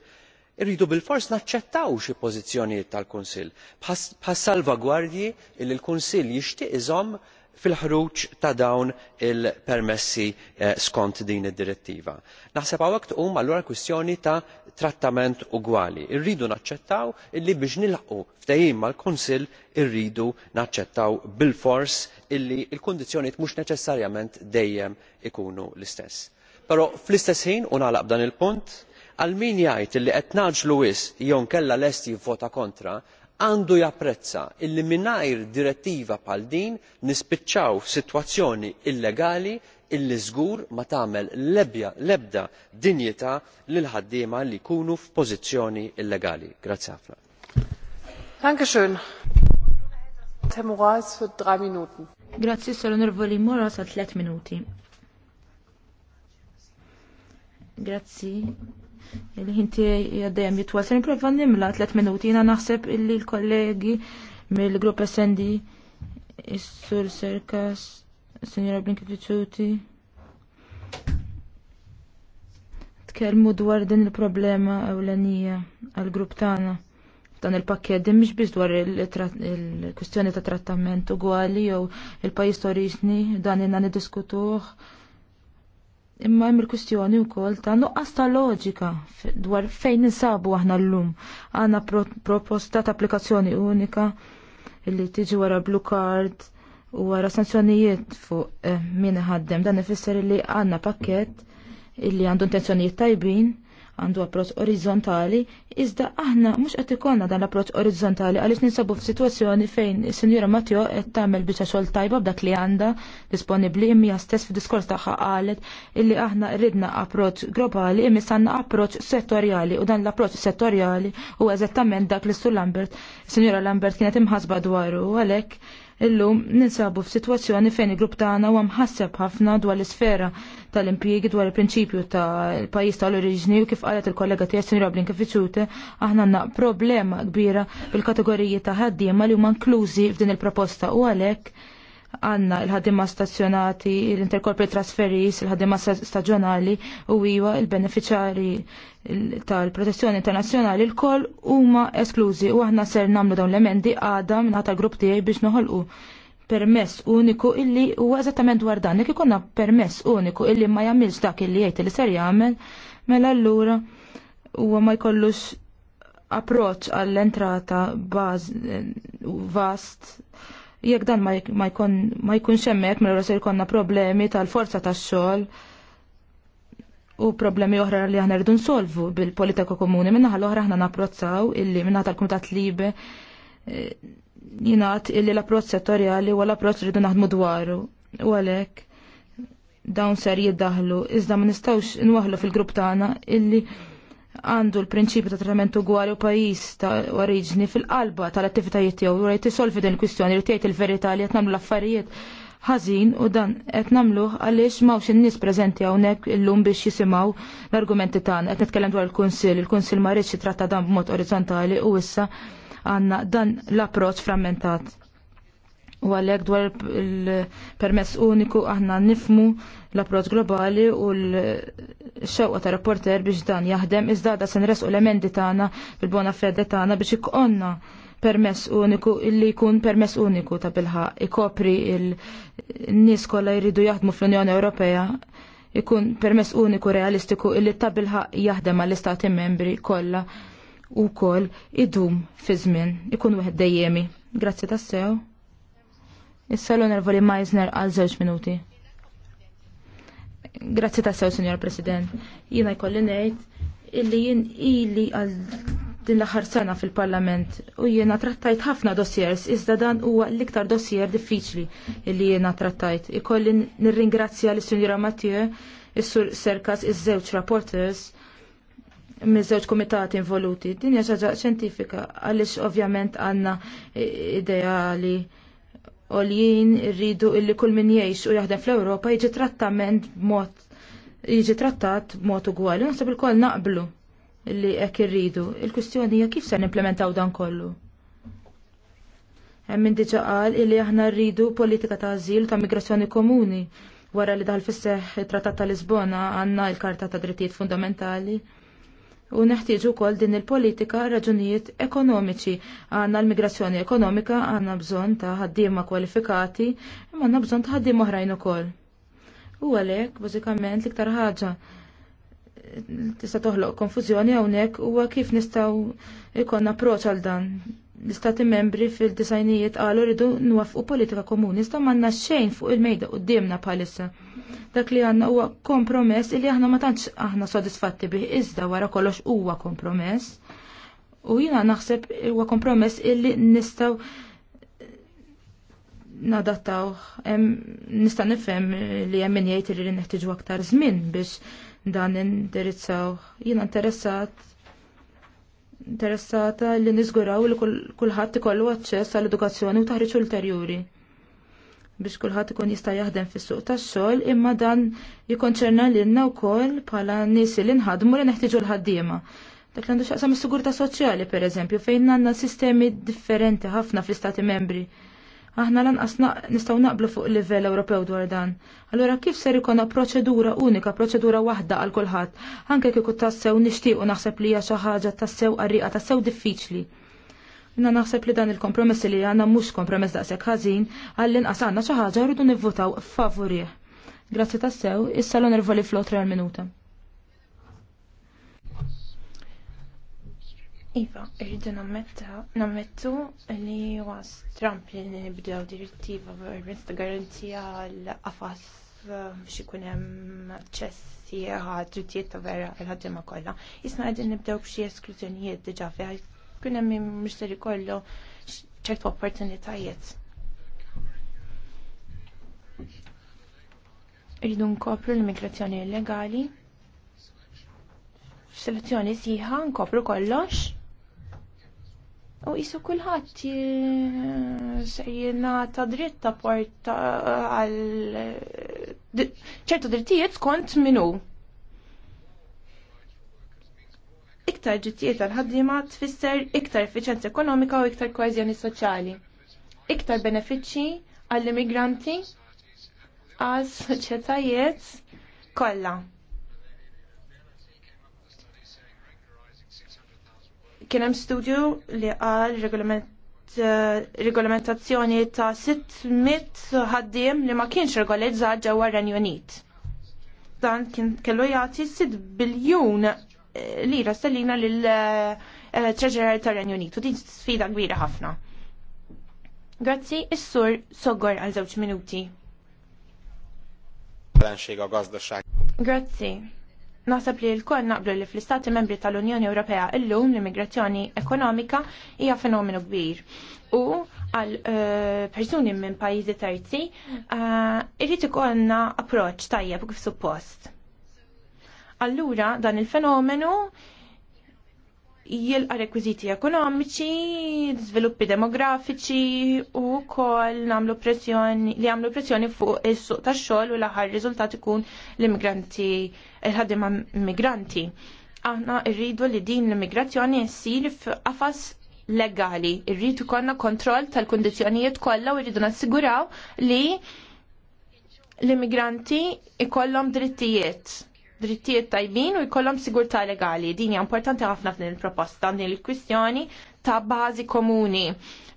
D: irridu bilfors naċċettaw xi pożizzjonijiet tal-Kunsill bħas salvagwardji li l-Kunsill jixtieq iżomm fil ħruġ ta' dawn il permessi eh, skont din id-direttiva. naħseb hawnhekk tqum allura kwistjoni ta' trattament ugwali. irridu naċċettaw illi biex nilħqu ftehim mal-kunsill irridu naċċettaw bilfors illi l-kundizzjonijiet mhux neċessarjament dejjem ikunu l-istess. però fl-istess ħin u nagħlaq b'dan il punt għal min jgħid illi qed naġlu wisq jew inkella lest jivvota kontra għandu japprezza illi mingħajr direttiva bħal din nispiċċaw sitwazzjoni illegali illi żgur ma tagħmel l-ebda dinjità lil ħaddiema li jkunu f'pożizzjoni illegali. Grazzi ħafna.
C: Grazzi sal għal minuti. Grazzi. Il-ħinti jaddejem jitwal. Ser niprofa nimla 3 minuti. Jina naħseb illi l-kollegi mill-grupp SND, Is-Sur Serkas, Senjora Blinkeviċuti. Tkellmu dwar din il-problema ewlenija għal-grupp tagħna dan il-pakket din mhix biss dwar il-kwistjoni ta' trattament ugwali jew il-pajjiż toriġni dan inna niddiskutuh Imma hemm il-kustjoni wkoll ta' nuqqas ta' loġika dwar fejn insabu aħna llum. Għandna pro proposta ta' applikazzjoni unika illi tiġi wara blue card u wara sanzjonijiet fuq eh, min ħaddem dan ifisser li għandna pakkett illi għandu intenzjonijiet tajbin għandu approċ orizzontali, iżda aħna mhux qed ikollna dan l-approċ orizzontali għaliex ninsabu f'sitwazzjoni fejn is-Sinjura Matteo qed tagħmel biċa xogħol tajba b'dak li għandha disponibbli imma stess fid-diskors tagħha qalet illi aħna ridna approċ globali imi sanna approċ settorjali u dan l-approċ settorjali huwa eżattament dak li Sur Lambert, Sinjura Lambert kienet imħasba dwaru għalek. Illum ninsabu f'sitwazzjoni fejn il-grupp tagħna huwa mħasseb ħafna dwar l-isfera tal-impjiegi dwar il-prinċipju tal-pajjiż tal-oriġini u kif qalet il-kollega Roblin kif iċute, aħna għandna problema kbira bil-kategoriji ta' ħaddiema li huma inklużi f'din il-proposta u għalhekk għanna il-ħadima stazzjonati, l-interkorpi trasferis, il-ħadima staġjonali u iwa il-beneficjari tal-protezzjoni internazjonali l-koll huma esklużi u aħna ser namlu dawn l-emendi għada minn grupp tiegħi biex noħolqu permess uniku illi u eżattament dwar dan jekk ikunna permess uniku illi ma jagħmilx dak illi jgħid li ser jagħmel mela allura huwa ma jkollux approċċ għall-entrata baż vast jekk dan ma jkunx hemmhekk mela se jkollna problemi tal-forza tax-xogħol u problemi oħra li aħna rridu nsolvu bil-politika komuni minnaħa l-oħra aħna napprozzaw illi minnaħa tal-Kumitat Libe eh, jingħad illi l-approċċ settorjali u l-approċċ rridu naħdmu dwaru u għalhekk dawn ser jiddaħlu iżda ma nistgħux inwaħlu fil-grupp tagħna illi għandu l-prinċipju ta' trattament ugwali u pajjiż ta' oriġni fil-qalba tal-attivitajiet tiegħu u rajt isolvi din il-kwistjoni li tgħid il-verità li qed nagħmlu l-affarijiet ħażin u dan qed nagħmluh għaliex m'hawnx in-nies preżenti hawnhekk illum biex jisimgħu l-argumenti tagħna. Qed nitkellem dwar il-Kunsill, il-Kunsill ma rridx jitratta dan b'mod orizzontali u issa għandna dan l-approċċ frammentat. U għalek dwar il-permess uniku aħna nifmu l-approċ globali u l-xewqa ta' reporter biex dan jaħdem iżda da sen resqu l-emendi tagħna bil-bona fede tagħna biex ikonna permess uniku illi jkun permess uniku ta' bilħa ikopri il-nies kollha jridu jaħdmu fl-Unjoni Ewropea ikun permess uniku realistiku illi ta' bilħa jaħdem għall-istati membri kollha u kol idum fi żmien ikun wieħed dejjemi. Grazzi tassew. Issa nervu li Meisner għal żewġ minuti. Grazzi ta' sew, Signor President. Jina jkolli ngħid illi jien ili għal din l-aħħar sena fil-Parlament u jiena trattajt ħafna dossiers iżda dan huwa l-iktar dossier diffiċli illi jiena trattajt. Ikolli nirringrazzja l sinjora Mathieu, is-Sur Serkas, iż-żewġ rapporters, miż-żewġ komitati involuti. Din hija ċentifika xjentifika għaliex ovvjament għandna ideali jien rridu illi kull min jgħix u jaħdem fl-Ewropa jiġi trattament b'mod jiġi trattat b'mod ugwali. Naħseb il-koll naqblu li hekk irridu. Il-kwistjoni hija kif se nimplementaw dan kollu. Hemm min diġa qal illi aħna rridu politika ta' ażil ta' migrazzjoni komuni wara li daħal fis-seħħ it-Trattat ta' Lisbona għandna l-Karta ta' Drittijiet Fundamentali u neħtieġu kol din il-politika raġunijiet ekonomiċi. Għanna l-migrazzjoni ekonomika għanna bżon ta' ħaddiema kwalifikati, imma għanna bżon ta' ħaddiema oħrajn ukoll. U għalek, bażikament l-iktar ħaġa tista' toħloq konfużjoni hawnhekk huwa kif nistgħu ikon approċċ għal dan. L-istati membri fil-disajnijiet qalu rridu nwafqu politika komuni, iżda m'għandna xejn fuq il-mejda qudiemna bħalissa dak li għanna huwa kompromess illi aħna ma tantx aħna sodisfatti bih iżda wara kollox huwa kompromess. U jina naħseb huwa kompromess illi nistaw nadattaw, nista' nifhem li hemm min jgħid li neħtiġu aktar żmien biex dan indirizzaw. Jiena interessat interessata li niżguraw li kulħadd ikollu aċċess għall edukazzjoni u taħriġ ulterjuri biex kulħadd ikun jista' jaħdem fis-suq tax-xogħol imma dan jikkonċerna lilna wkoll bħala nies li nħadmu li neħtieġu l-ħaddiema. Dak li għandu xaqsam is-sigurtà soċjali pereżempju fejn għandna sistemi differenti ħafna fl-istati membri. Aħna lanqas nistgħu naqblu fuq livell Ewropew dwar dan. Allura kif ser ikona proċedura unika, proċedura waħda għal kulħadd, anke kieku tassew nixtiequ naħseb li hija xi ħaġa tassew qarriqa tassew diffiċli. Inna naħseb li dan il-kompromess li għanna mux kompromess daqsek ħazin, għallin għasanna xaħġa rridu nivvotaw favorih. Grazzi tassew, issa l-onervoli flow 3 minuta
B: Iva, irridu nammetta, nammettu li was Trump li nibdew direttiva permezz ta' garanzija l afas xikunem ikun hemm aċċess sieħa drittijiet ta' vera l ħaddiema kollha. Isma' qegħdin nibdew b'xi esklużjonijiet diġà fi Kun hemm mixteri kollu ċertu opportunitajiet. Iridu nkopru l-immigrazzjoni illegali. F'selezzjoni siħa nkopru kollox. U jisu kullħat sejjina ta' dritta porta għal ċertu drittijiet kont minu. iktar ġittijiet tal-ħaddiema tfisser iktar effiċenza ekonomika u iktar koeżjoni soċjali. Iktar benefiċċji għall-immigranti għal soċjetajiet kollha. Kien hemm studju li qal regolament eh, regolamentazzjoni ta' 600 ħaddiem li ma kienx regolizzat ġewwa Renju Unit. Dan kien kellu jagħti 6 biljun lira stellina lil eh, treasurer tar-Renju Unitu. Din sfida kbira ħafna. Grazzi, is-sur soggor għal żewġ minuti. Grazzi. Naħseb li l-kol naqblu li fl-Istati membri tal-Unjoni Ewropea illum l-immigrazzjoni ekonomika hija fenomenu kbir. U għal eh, persuni minn pajjiżi terzi eh, irrid ikollna approċċ tajjeb kif suppost allura dan il-fenomenu jilqa rekwiziti ekonomiċi, sviluppi demografiċi u kol namlu pressjoni, li għamlu pressjoni fuq il-suq ta' xol u l-aħħar ikun l-immigranti, il-ħadima migranti. Aħna irridu li din l-immigrazzjoni jessir f'qafas legali. Irridu konna kontroll tal-kondizjonijiet kollha u irridu nassiguraw li l-immigranti ikollhom drittijiet drittijiet tajbin u jkollhom sigurtà legali. Din hija importanti ħafna f'din il-proposta din il-kwistjoni ta' bażi komuni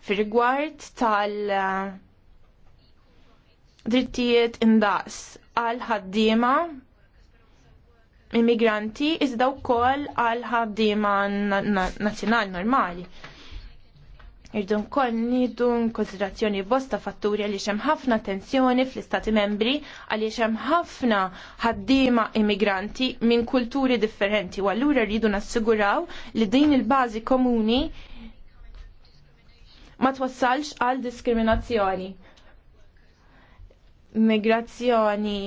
B: fir-rigward tal uh, drittijiet indaqs għal ħaddiema immigranti iżda wkoll għal ħaddiema nazzjonali normali. Irdu nkoll nidu konsiderazzjoni bosta fatturi għaliex hemm ħafna tensjoni fl-Istati membri għaliex hemm ħafna ħaddiema immigranti minn kulturi differenti u allura rridu nassiguraw li din il-bażi komuni ma twassalx għal diskriminazzjoni. Migrazzjoni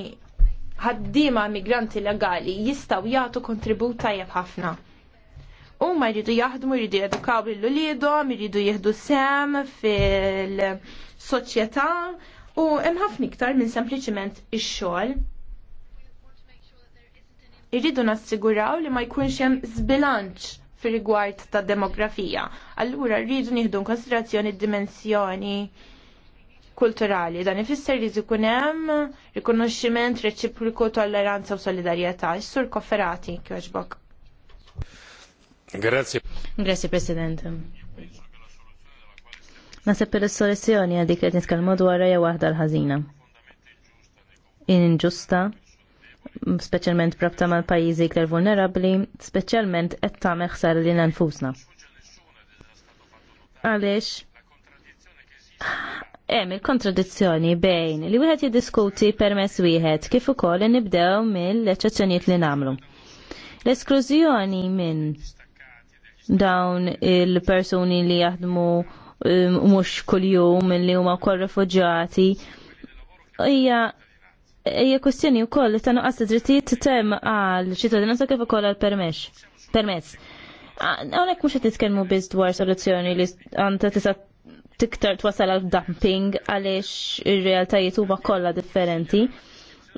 B: ħaddiema migranti legali jistgħu jagħtu kontribut tajjeb ħafna u ma jridu jaħdmu, jridu jedukaw l-ulidom, jridu jihdu sem fil-soċjetà u hemm ħafna iktar minn sempliciment ix-xogħol. Irridu nassiguraw li ma jkunx hemm zbilanċ fir-rigward ta' demografija. Allura rridu nieħdu konsiderazzjoni d-dimensjoni kulturali. Dan ifisser li jkun hemm rikonoxximent reċiproku tolleranza u solidarjetà. Is-sur kofferati kjoġbok.
D: Grazie.
A: Grazie President. Nasib il-soluzzjoni għadik li nitkellmu dwar hija waħda l ħazina Inġusta, speċjalment prabta mal-pajjiżi pajizi vulnerabbli, speċjalment qed etta meħsar li nanfusna. Għalix, hemm il-kontradizzjoni bejn li wieħed jiddiskuti permess wieħed kif ukoll nibdew mill-eċċezzjonijiet li nagħmlu. L-esklużjoni minn dawn il-persuni li jaħdmu um, mhux kuljum li huma wkoll Ija, Hija hija kwestjoni wkoll ta' nuqqas drittijiet tem għal ċittadinanza kif ukoll għal permess. Permess. Hawnhekk mhux qed nitkellmu biss dwar soluzzjoni li għandha tista' tiktar t-wasal għal dumping għaliex ir-realtajiet huma kollha differenti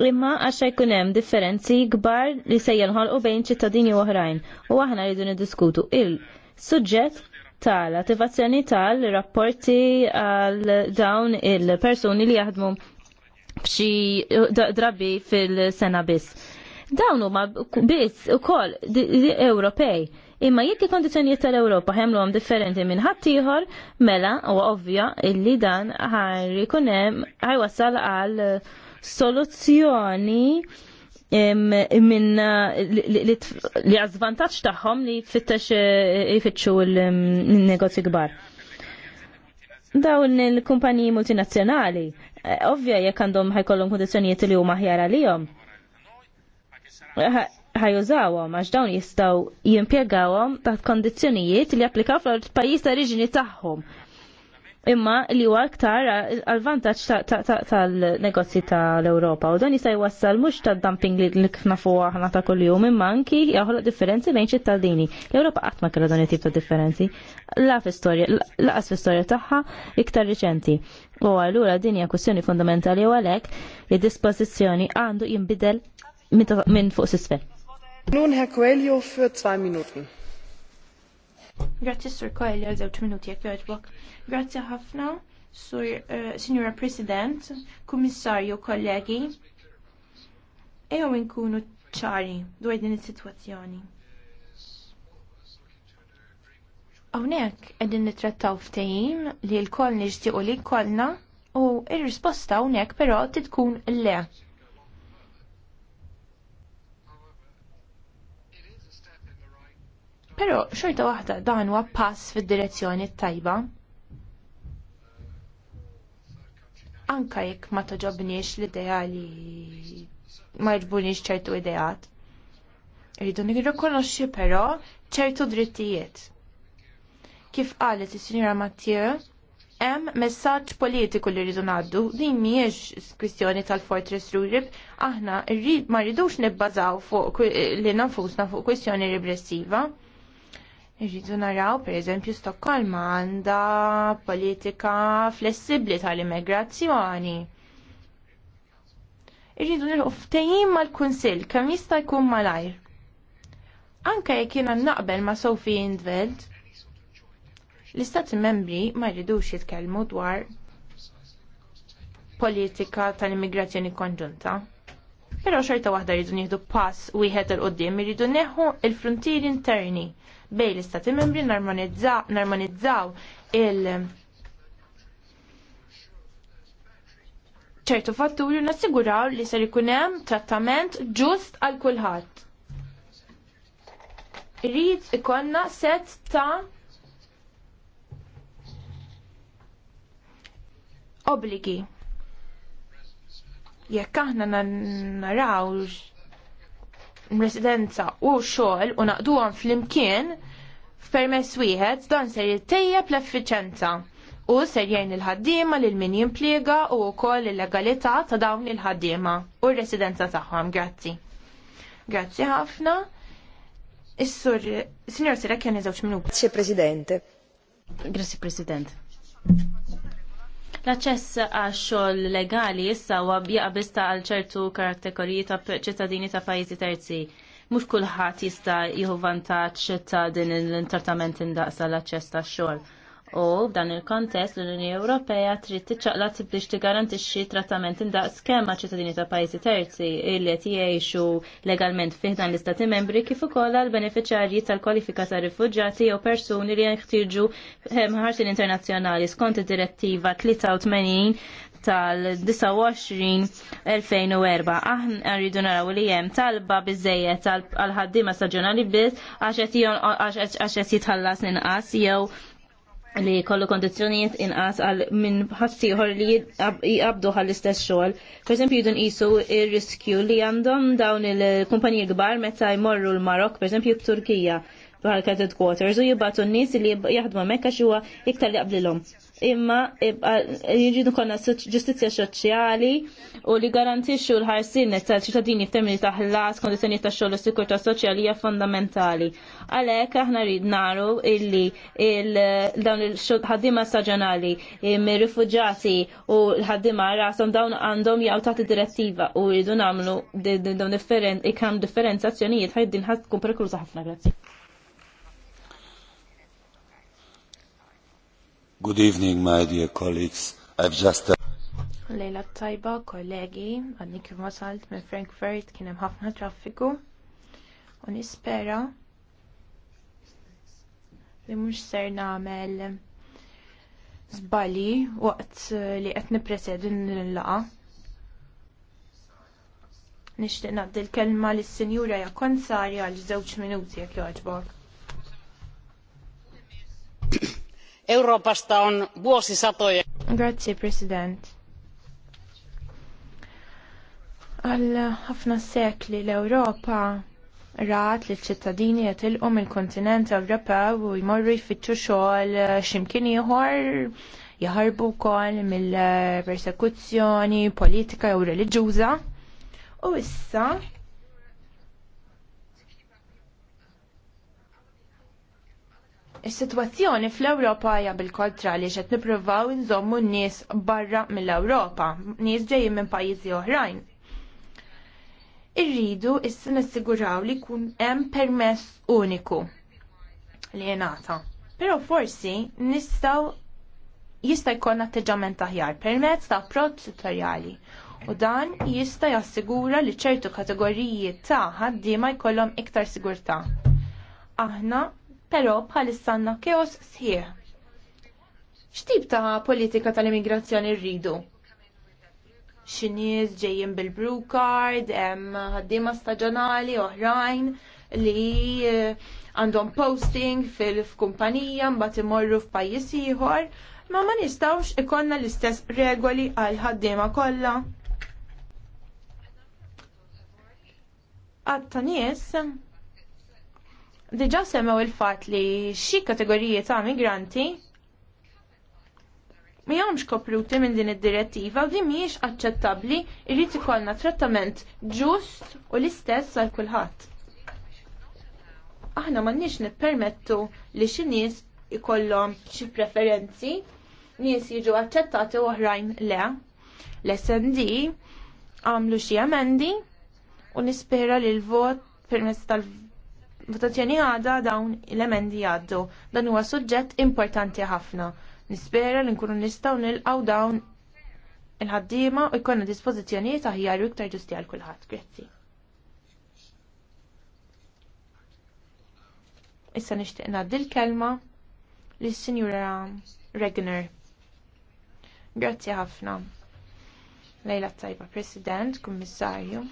A: imma għaxa jkun hemm differenzi kbar li se jinħolqu bejn ċittadini oħrajn u aħna rridu niddiskutu il-suġġett tal-attivazzjoni tal-rapporti għal dawn il-persuni li jaħdmu f'xi drabi fil-sena biss. Dawn huma biss ukoll Ewropej. Imma jekk il-kondizjonijiet tal-Ewropa ħemlu għam differenti minn ħaddieħor, mela huwa ovvja illi dan ħar ikun hemm ħajwassal għal uh, soluzzjoni minn li għazvantaċ taħħom li jfittex eh, jfittxu l-negozju gbar. Dawn il-kumpaniji multinazzjonali, eh, ovvja jekk għandhom ħajkollhom kondizzjonijiet li huma ħjar għalihom. Ħajużawhom għax dawn jistgħu jimpjegawhom taħt kondizzjonijiet li applikaw fl-pajjiż ta' oriġini tagħhom imma li huwa aktar għal vantaġġ tal-negozji tal-Ewropa. U dan jista' jwassal mhux tad-dumping li kif nafu aħna ta' kuljum imma anki jaħloq differenzi bejn ċittadini. L-Ewropa qatt ma kellha dan it-tip ta' differenzi. La laqas fi storja tagħha iktar riċenti. U allura din hija kwestjoni fundamentali u għalhekk li dispożizzjoni għandu jinbidel minn fuq s
D: Nun Herr Coelho für zwei Minuten.
B: Grazzi Sur għal żewġ minuti jekk jogħġbok. Grazzi ħafna, Sur uh, Signora President, Kummissarju, kollegi. Ejjew inkunu ċari dwar din is-sitwazzjoni. Hawnhekk qegħdin nittrattaw ftehim li l-koll nixtiequ li kollna u r risposta hawnhekk però titkun le. Però xorta waħda dan huwa pass fid-direzzjoni tajba. Anka jekk ma toġobniex l-ideali ma jġbuniex ċertu ideat. Rridu nirrikonoxxi però ċertu drittijiet. Kif qalet is sinjura Mathieu, hemm messaġġ politiku li rridu ngħaddu, din mhijiex kwistjoni tal-Fortress Rurib, aħna ma rridux nibbażaw fuq li nafusna fuq kwistjoni repressiva. Irridu naraw, per eżempju, Stokkolma għandha politika flessibbli tal-immigrazzjoni. Irridu nirħu ftehim mal-Kunsill kemm jista' jkun malajr. Anke jekk jiena naqbel ma' Sophie Indveld, l-Istati membri ma jridux jitkellmu dwar politika tal-immigrazzjoni konġunta. Però xorta waħda jridu nieħdu pass wieħed il qudiem irridu neħu il-frontieri interni bej l-istati membri narmonizzaw il- ċertu fatturi nassiguraw li ser ikunem hemm trattament ġust għal kulħadd. Irid ikonna set ta' obligi. Jekk aħna naraw residenza u xogħol u naqduhom flimkien f'permess wieħed dan ser jittejjeb l-effiċenza u ser jgħin il-ħaddiema lil min jimpliega u wkoll il-legalità ta' dawn il-ħaddiema u r-residenza tagħhom. Grazzi. Grazzi ħafna. Is-sur Sinjor Sirek kien żewġ minuti. Grazie Presidente. Grazie President.
A: L-aċċess għax xogħol legali issa huwa bista għal ċertu kategoriji ta' ċittadini ta' pajjiżi terzi. Mhux kulħadd jista' jieħu vantaġġ ta' din l trattament indaqsa l-aċċess tax-xogħol U f'dan il-kontest l-Unjoni Ewropea trid tiċċaqla biex tigarantixxi trattament indaqs kemm ċittadini ta' pajjiżi terzi li qed jgħixu legalment fih dan l-Istati membri kif ukoll għal benefiċjarji tal-kwalifika ta' rifuġġjati jew persuni li jeħtieġu ħarsin internazzjonali skont id-direttiva 83 tal-29-2004. Aħna rridu naraw li hemm talba biżejjed tal ħaddiema staġjonali biss għax jitħallas inqas jew li kollu kondizjonijiet inqas għal minn ħassiħor li jqabdu għal istess xogħol. Per eżempju jidun qisu ir-riskju li għandhom dawn il-kumpaniji kbar meta jmorru l-Marok, per eżempju t-Turkija bħal Cadet Quarters u jibbatu n-nies li jaħdmu mekka xi huwa iktar li qablilhom imma jiġidu konna ġustizja soċjali u li garantixxu l-ħarsin tal-ċittadini f'termini ta' ħlas, kondizzjonijiet ta' xogħol u sikurtà soċjali hija fondamentali. Għalhekk aħna rrid naru illi dawn il-ħaddiema staġjonali mir-rifuġati u l-ħaddiema rashom dawn għandhom jgħu taħt direttiva u jridu nagħmlu dawn differenzazzjonijiet ħajdin ħadd tkun prekluża ħafna grazzi.
D: Good evening, my dear colleagues. I've just... Uh,
B: Lejla tajba, kollegi, għadni kif wasalt minn Frankfurt kien hemm ħafna traffiku. U nispera li mhux ser nagħmel żbali waqt li qed nippresedi nilqa. Nixtieq ngħaddi l-kelma lis-Sinjura Sarja għal żewġ minuti jekk jogħġbok.
C: Euroopasta on vuosisatoja.
B: Grazie, President. Għal ħafna sekli l-Ewropa rat li ċittadini jatilqom il-kontinent Ewropew u jmorru jfittxu xogħol x'imkien ieħor jaħarbu wkoll mill-persekuzzjoni politika jew reliġjuża. U issa Is-sitwazzjoni fl-Ewropa hija bil-kontra li qed nippruvaw inżommu n-nies barra mill-Ewropa, nies ġejjin minn pajjiżi oħrajn. Irridu issa nissiguraw li jkun hemm permess uniku li jingħata. Però forsi nistgħu jista' jkollna atteġġament aħjar permezz ta' approċċ tutoriali u dan jista' jassigura li ċertu kategoriji ta' ħaddiema jkollhom iktar sigurtà. Aħna pero bħalissa għandna keos sħiħ. X'tip ta' politika tal-immigrazzjoni rridu? X'nies ġejjin bil-blue card, hemm ħaddiema staġjonali oħrajn li eh, għandhom posting fil-kumpanija mbagħad imorru f'pajjiż ieħor, ma ma nistgħux ikollna l-istess regoli għal ħaddiema kollha. Għatta nies Diġa semmew il-fat li xi kategoriji ta' migranti jomx kopruti minn din id-direttiva u din mhijiex aċċettabbli irid ikollna trattament ġust u l-istess għal kulħadd. Aħna m'għandniex nippermettu li xi nies ikollhom xi preferenzi, nies jiġu aċċettati u oħrajn le. L-SND għamlu xi amendi u nispera li l-vot permezz tal-vot votazzjoni għada dawn l-emendi għaddu. Dan huwa suġġett importanti ħafna. Nispera li nkunu nistgħu nilqgħu dawn il-ħaddiema u jkollna dispożizzjonijiet aħjar u iktar ġusti għal kulħadd. Grazzi. Issa nixtieq ngħaddi l-kelma lis-Sinjura Regner. Grazzi ħafna. Lejla tajba, President, Kummissarju,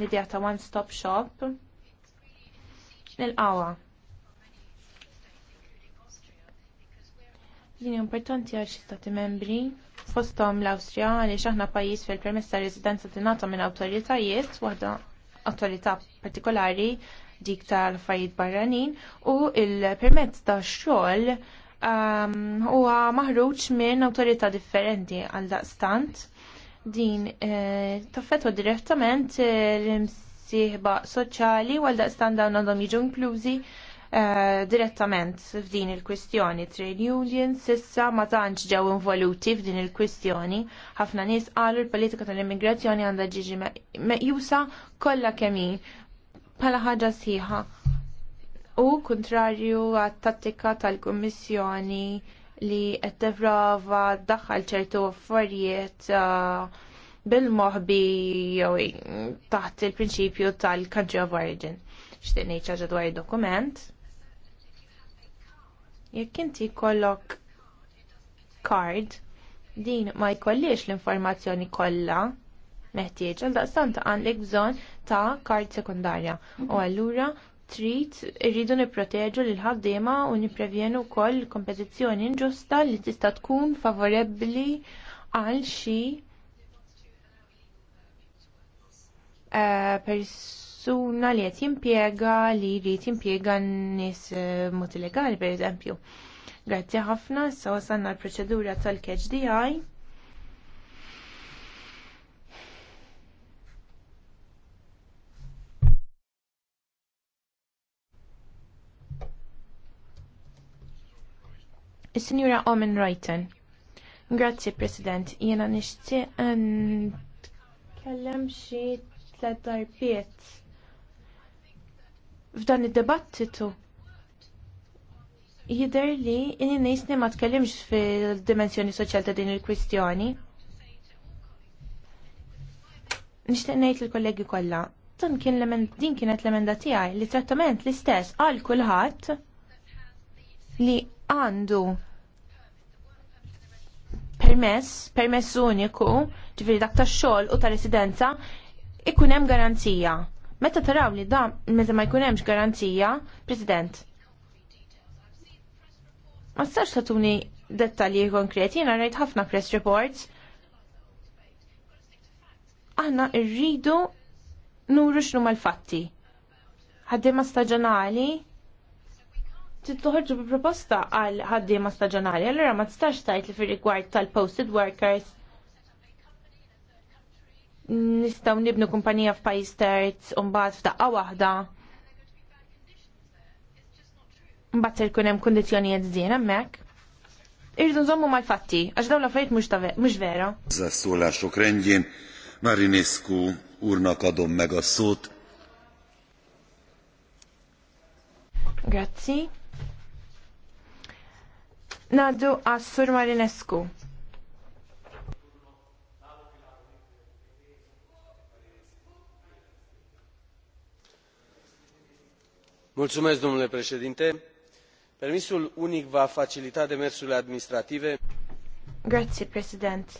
B: l-idea ta' One Stop Shop nil-qawa. Din importanti għal xi stati membri fosthom l-Awstrija għaliex aħna pajjiż fil-permess ta' residenza tingħata minn awtoritajiet waħda awtorità partikolari dik tal-affarijiet barranin u il-permezz ta' xogħol um, huwa maħruġ minn awtorità differenti għal daqstant din eh, taffetwa direttament eh, l-ims l soċjali għal daqstan dawn għandhom jiġu inklużi eh, direttament f'din il-kwistjoni. Trade unions sissa ma tantx ġew involuti f'din il-kwistjoni. Ħafna nies qalu l-politika tal-immigrazzjoni għandha ġiġi meqjusa kollha kemm bħala ħaġa sħiħa. U kontrarju għat-tattika tal-Kummissjoni li qed tevrava daħħal ċertu affarijiet uh, bil-moħbi jew taħt il-prinċipju tal-country of origin. Xtieq ngħid ħaġa dwar id-dokument. Jekk inti jkollok card, din ma jkollix l-informazzjoni kollha meħtieġ għal daqstant għandek bżonn ta' kard sekundarja u allura trid irridu nipproteġu lil ħaddiema u nipprevjenu wkoll kompetizzjoni inġusta li tista' tkun favorebbli għal xi Eh, persuna li qed jimpjega li jrid jimpjega n-nies eh, mod per pereżempju. Grazzi ħafna, issa wasanna l-proċedura tal-catch DI. Is-Sinjura Omen Reuten. Grazzi, President. Jena nixtieq n kellem xi tliet darbiet f'dan id-debattitu jider li inni nisni ma tkellimx fil-dimensjoni soċjal ta' din il-kwistjoni. Nishtiq ngħid lill-kollegi kollha, dan kien din kienet l-emenda tiegħi li trattament l-istess għal kulħadd li għandu permess, permess uniku, ġifieri dak tax-xogħol u ta' residenza ikun hemm garanzija. Meta taraw li dan meta ma jkun hemmx garanzija, President. Ma stax tatuni dettalji konkreti, jiena rajt ħafna press reports. Aħna rridu nuru x'nu mal-fatti. Ħaddiema staġjonali titħorġu bi proposta għal ħaddiema staġjonali, allura ma tistax tajt li fir rigward tal-posted workers nistaw nibnu kumpanija f'pajjiż terz u mbagħad f'daqqa waħda. Mbagħad se jkun hemm kundizzjonijiet żdien hemmhekk. Irridu nżommu mal-fatti, għax dawn l-affarijiet mhux vera.
D: Żassula Zasszólások rendjén Marinescu urna adom mega a szót.
B: Grazzi. Nadu għas Sur Marinescu.
D: Permisul unic va facilita demersurile administrative.
B: Grazie, President.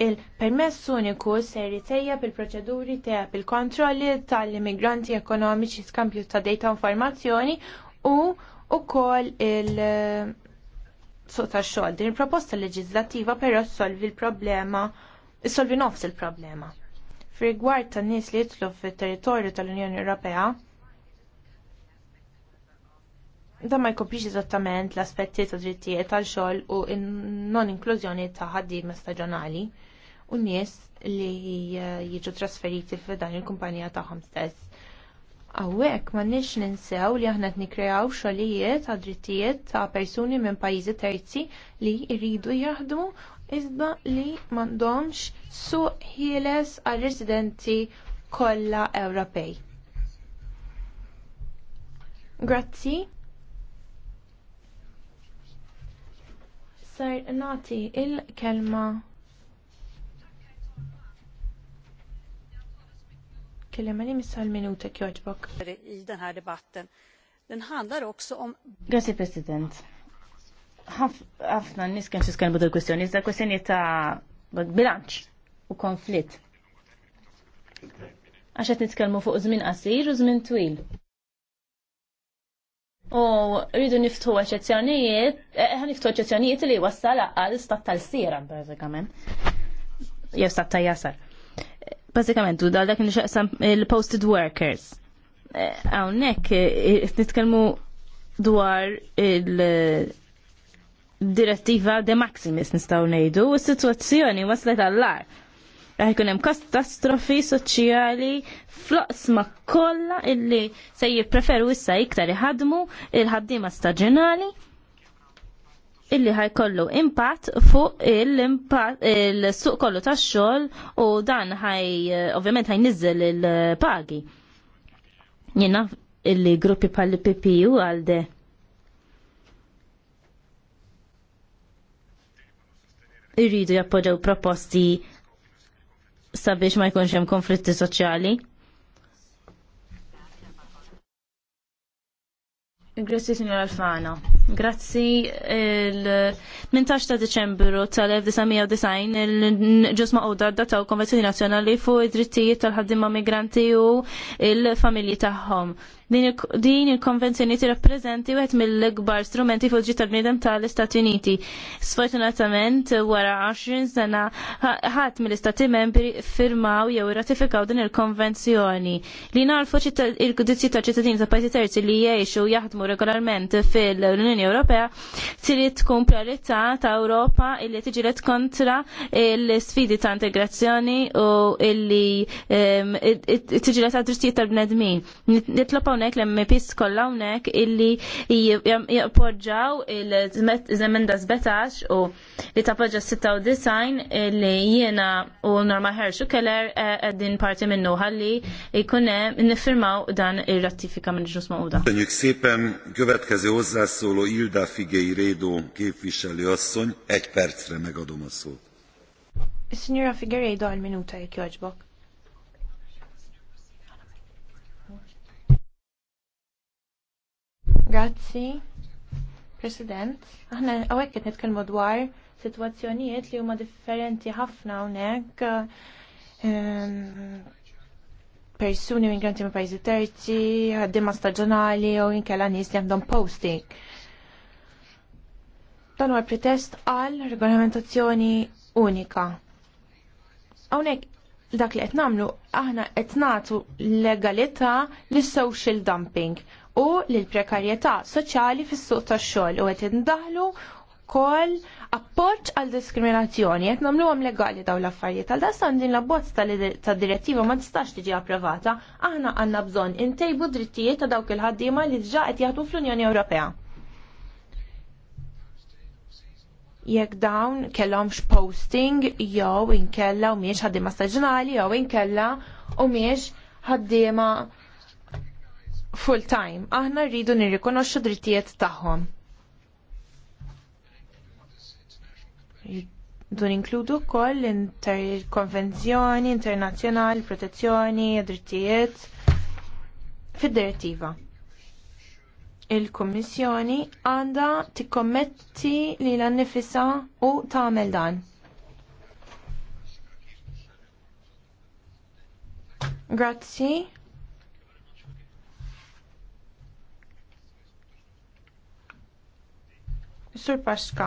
B: Il-permess uniku se jritejja bil-proċeduri tiegħek bil-kontrolli tal-immigranti ekonomiċi skampju ta' dejta informazzjoni u ukoll il- suq tax xogħol. Din il-proposta leġislattiva però solvi l-problema, solvi nofs il-problema. Fir-rigward tan-nies li jitlu fit-territorju tal-Unjoni Ewropea, Da ma jkopix eżattament l-aspetti ta' drittijiet tal-xogħol u non inklużjoni ta' ħaddiema staġjonali u nies li eh, jiġu trasferiti f'dan il-kumpanija tagħhom stess. ma m'għandniex ninsew li aħna t-nikrejaw xogħlijiet ta' drittijiet ta' persuni minn pajjiżi terzi li jridu jahdu iżda li m'għandhomx suq ħieles għal residenti kollha Ewropej. Grazzi. sar nati il-kelma kelma Kellemani missal minuta kjoġbok. I den här debatten. Den handlar också om... Grazie, President. Ħafna nis kien
A: xiskan budu l-kwestjoni, iżda kwestjoni ta' bilanċ u konflitt. Għaxet nitkelmu fuq żmien qasir u żmien twil. U rridu niftu eċezzjonijiet, ħan eh, eh, niftu eċezzjonijiet li wassal għal stat tal-sira, bazzikament. Jew stat ta' jasar. Bazzikament, u dal dak nxaqsam il-posted workers. Għawnek, eh, nitkelmu dwar il- direttiva de maximis nistaw nejdu, u s-situazzjoni waslet għallar jkun hemm katastrofi soċjali floqsma kollha illi se jippreferu issa iktar iħadmu il-ħaddiema staġjonali illi ħajkollu impatt fuq il-suq kollu tax-xogħol u dan ħaj ovvjament ħajniżel il-pagi. Jiena illi gruppi bħal PPU għalde. Irridu jappoġġew proposti sabiex ma jkunx hemm konflitti soċjali. Grazzi, signor Alfano. Grazzi il-18 ta' Deċembru tal-1990 il-ġusma u għadda ta' Konvenzjoni Nazjonali fuq id-drittijiet tal-ħaddimma migranti u il-familji tagħhom. Din il-konvenzjoni tirrappreżenti wieħed mill-ikbar strumenti fuq tal bnidem tal-Istati Uniti. Sfortunatament, wara 20 sena ħadd mill-Istati membri firmaw jew irratifikaw din il-konvenzjoni li narfu il-kudizzi ta' ċittadini ta' pajzi terzi li jgħixu jaħdmu regolarment fil-Unjoni Ewropea trid tkun priorità ta' Ewropa illi tiġilet kontra l-sfidi ta' integrazzjoni u illi ehm, tiġilet ta' tal-bnedmin. Nitlopaw hawnhekk l-MPs kollha hawnhekk illi jappoġġaw il-żemenda 17 u li tappoġġa 96 illi jiena u Norma u Keller qegħdin eh, parti minnu ħalli jkun hemm niffirmaw dan ir-rattifika minn ġus Mawda.
D: Köszönjük szépen, következő hozzászóló Ilda Figei Rédó képviselő asszony, egy percre megadom a szót.
B: Signora Figueiredo għal minuta jek joġbok. Grazzi, President. Aħna għawek qed nitkellmu dwar sitwazzjonijiet li huma differenti ħafna hawnhekk. Ehm, persuni migranti ma' pajjiżi terzi, ħaddiema staġjonali u inkella nies li għandhom posting. Dan huwa pretest għal regolamentazzjoni unika. Hawnhekk dak li qed nagħmlu aħna qed nagħtu legalità lis social dumping u l-prekarjetà soċjali fis-suq tax-xogħol u qed indaħlu kol appoġġ għal diskriminazzjoni qed nagħmluhom legali dawn l-affarijiet għal dan din l-abbozz tad-direttiva ma tistax tiġi approvata, aħna għandna bżonn intejbu drittijiet ta' dawk il-ħaddiema li diġà qed jagħtu fl-Unjoni Ewropea. Jekk dawn kellhomx posting jew inkella u miex ħaddiema staġjonali jew inkella u miex ħaddiema full time. Aħna rridu nirrikonoxxu drittijiet tagħhom. Dun inkludu wkoll l-konvenzjoni internazzjonali, protezzjoni, drittijiet fid-direttiva. Il-Kummissjoni għandha tikkommetti li l-annifisa u tagħmel dan. Grazzi. Sur Paxka,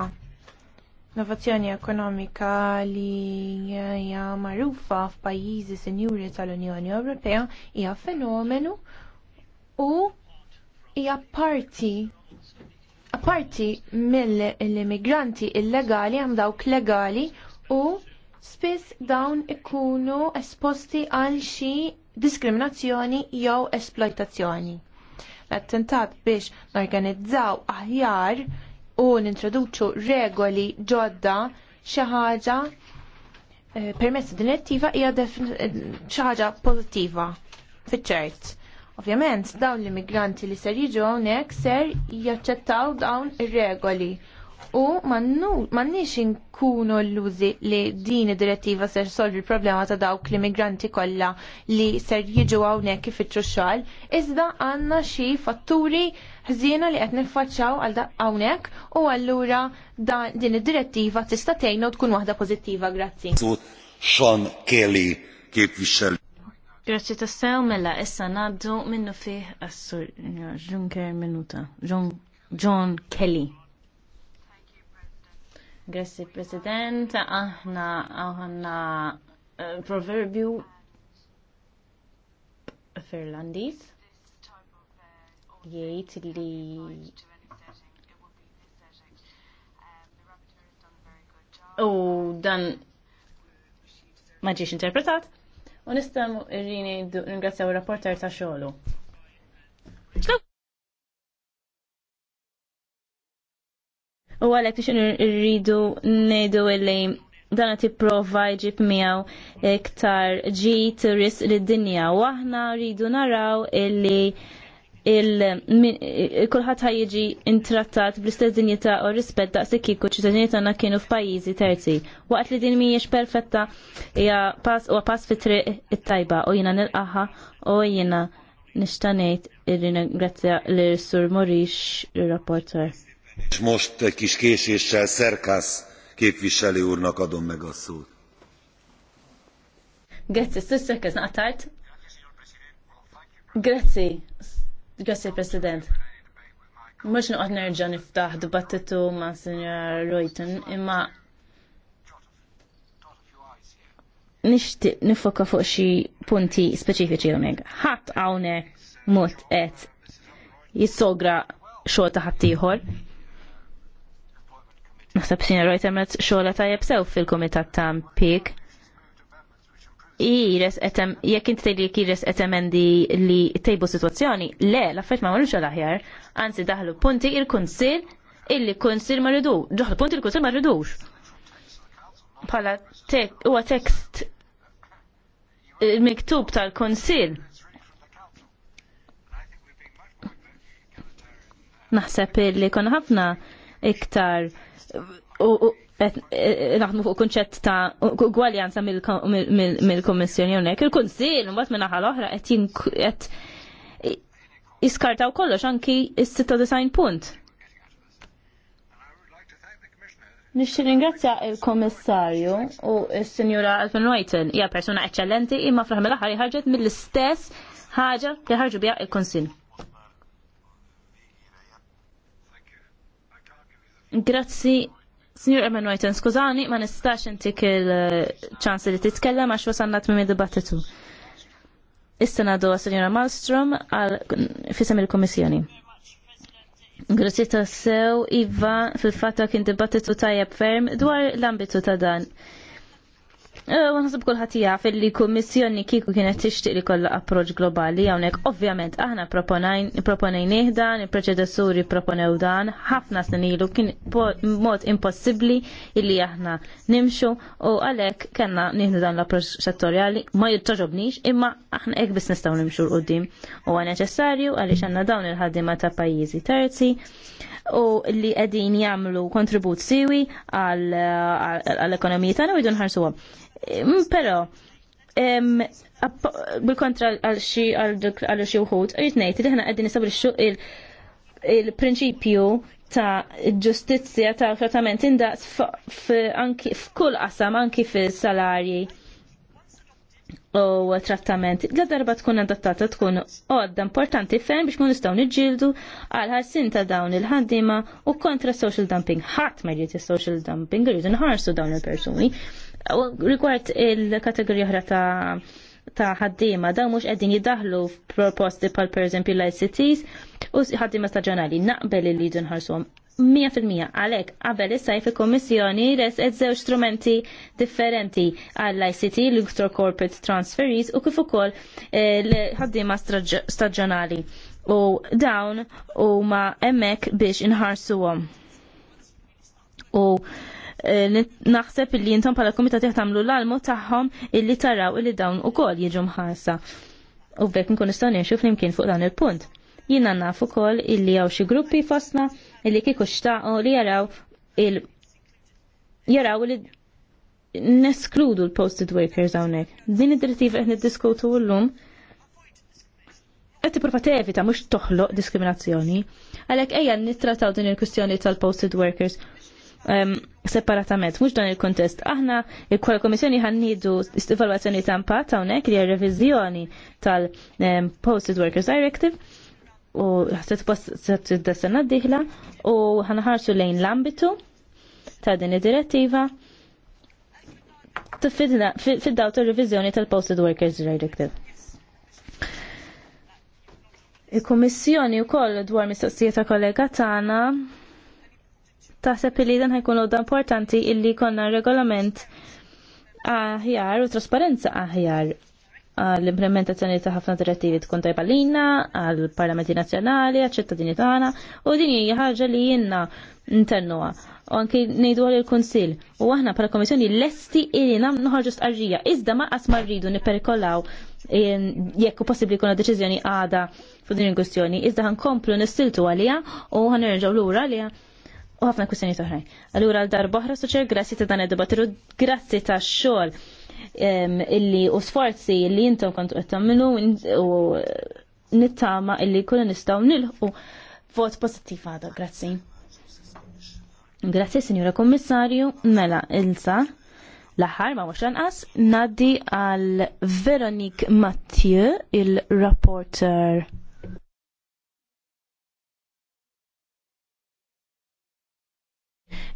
B: innovazzjoni ekonomika li hija magħrufa f'pajjiżi sinjuri tal-Unjoni Ewropea hija fenomenu u hija parti parti mill-immigranti illegali hemm dawk legali u spiss dawn ikunu esposti għal xi diskriminazzjoni jew esploitazzjoni l-attentat biex norganizzaw aħjar u nintroduċu regoli ġodda xi ħaġa eh, permezz direttiva hija eh, xi ħaġa pożittiva fiċ-ċert. Ovvjament dawn l-immigranti li ser jiġu hawnhekk ser jaċċettaw dawn ir-regoli U mannix inkunu l-lużi li din id-direttiva ser solvi problema ta' dawk l-immigranti kollha li ser jiġu hawnhekk kifittru xogħol, iżda għandna xi fatturi ħżiena li qed niffaċċaw għal hawnhekk u allura din id-direttiva tista' u tkun waħda pozittiva, grazzi.
D: Sean Kelly kif jixxel.
A: Grazzi sew mela issa naddu minnu fih assur Junker minuta. John Kelly. Grazie President, aħna aħna eh, proverbju Ferlandis jgħid li u dan ma ġiex interpretat u nista' rini ringrazzjaw ir-rapporter ta' xogħlu. U għalek nix rridu nejdu illi dan ti prova jġib miaw iktar ġit ris l-dinja. U aħna rridu naraw illi il-kulħat ħajġi intrattat bl-istess dinjita u rispett daqs kiku ċittadini na kienu f'pajjiżi terzi. Waqt li din mhijiex perfetta hija pass u pass fitri triq it-tajba u jiena nilqaha u jiena nixtanejt irrinagrazzja l-Sur Morix, il-rapporter.
D: Most egy kis késéssel Szerkász képviselő úrnak adom meg a szót.
A: Grazie, stessa kazna għatart. Grazie, grazie President. Mux nuqot nerġa niftaħ dibattitu ma' Signor Reuten, imma nishtiq nifoka fuq xi punti speċifiċi hawnhekk. Ħadd hawnhekk mod qed jissogra xogħol ta' ħaddieħor Naħseb sinja rajt emmet xogħla tajjeb sew fil-Kumitat ta' Pik. Ires etem, jekk inti tgħidli jekk ires endi li tejbu sitwazzjoni, le, l-affarijiet ma marrux l-aħjar, anzi daħlu punti il-kunsil illi kunsil ma rridu, ġoħlu punti il-kunsil ma rridux. Bħala tek, huwa tekst miktub tal-kunsil. Naħseb li kon ħafna iktar u e, e, naħdmu fuq kunċett ta' gwaljanza mill-Kommissjoni hawnhekk. Il-Kunsill mbagħad minn naħa l-oħra qed jiskartaw kollox anki is-96 punt. Nixti ringrazzja il kommissarju u s-Sinjura Alfen Reuten. Hija persuna eċċellenti imma fl mill aħħar ħarġet mill-istess ħaġa li ħarġu biha il-Konsil. Grazzi, Signor Eman skużani, ma nistax intik il-ċans li titkellem għax wasannat minn dibattitu Issa nadu Signora Malmstrom għal fisem il-Komissjoni. Grazzi ta' sew, Iva, fil-fatta kien dibattitu tajjeb ferm dwar l-ambitu ta' dan. Għanħsib eh, kullħat jaf li kummissjoni kiku kienet tixtieq li kollha approċċ globali hawnhekk. Ovvjament aħna proponejn dan, il-preċedessuri proponew dan, ħafna snin ilu kien mod impossibbli illi aħna nimxu u għalhekk kellna nieħdu dan l-approċ settorjali ma jittaġobnix imma aħna hekk biss nistgħu nimxu l qudiem Huwa neċessarju għaliex għandna dawn il-ħaddiema ta' pajjiżi terzi u li qegħdin jagħmlu kontribut siwi għall-ekonomija tagħna u jdu nħarsuhom. Però bil-kontra għal xi għal xi wħud, irid ngħid għedin ħna qegħdin nisabrixxu il-prinċipju ta' ġustizzja ta' trattament indaqs f'kull qasam anki fis-salarji u trattament. La darba tkun adattata tkun għodda importanti fejn biex kun nistaw nġildu għal ħarsin ta' dawn il-ħaddima u kontra social dumping. ħadd ma jrid social dumping, jrid nħarsu dawn il-persuni. Rigward il-kategorija ħra ta' ta' ħaddima dawn mhux qegħdin jidahlu f'proposti pal pereżempju l-ICTs u ħaddima staġjonali naqbel li jridu ħarsu 100% għalek qabel issa il kommissjoni res żew strumenti differenti għall-ICT, l-Inter Corporate Transferees u kif ukoll eh, l-ħaddiema staġjonali. U dawn huma hemmhekk biex inħarsuhom. U eh, naħseb li jintom pala komitat jħtamlu l-almu taħħom illi taraw illi dawn u kol jieġu mħassa. U bekk nkun istaw nirxu flimkien fuq dan il-punt. Jina naf ukoll illi għaw xi gruppi fostna illi kieku xtaqo li jaraw il jaraw li neskludu l-posted workers hawnhekk. Din id-direttiva qed niddiskutu llum qed tipprova tevita mhux toħloq diskriminazzjoni. Għalhekk ejja nittrataw din il-kwistjoni tal-posted workers ehm, separatament, mhux dan il-kontest. Aħna il-kwal komissjoni ħannidu evalwazzjoni ta' impatt hawnhekk li hija reviżjoni tal-Posted ehm, Workers Directive u ħset d-sena d-dihla u ħanħarsu lejn l-ambitu ta' din id-direttiva fid-daw ta' revizjoni tal-Posted Workers Directive. il komissjoni u koll dwar mistoqsija ta' kollega tagħna taħseb li dan ħajkun da importanti illi konna regolament aħjar u trasparenza aħjar l-implementazzjoni ta' ħafna direttivi tkun tajba lina, għal-Parlamenti Nazzjonali, għal-ċittadini tagħna, u din hija ħaġa li jiena ntennuha. U anki nejdu għal il-Kunsill. U aħna bħala Komissjoni lesti ili nam ħarġu stqarrija, iżda ma qas marridu nipperikolaw eh, jekku possibbli kuna deċiżjoni għada fuq din il-kwestjoni, iżda ħankomplu nistiltu għalija u l lura għalija u ħafna kustjoni toħraj. Allura l-darba oħra suċer, grazzi ta' dan id-dibattiru, grazzi ta' xogħol illi u sforzi illi jintom kontu għattamilu u nittama illi kuna nistaw nilħu vot pozittiv għada, grazzi. Grazzi, Signora Kommissarju, mela, ilsa, l ma mux lanqas, naddi għal Veronique Mathieu, il reporter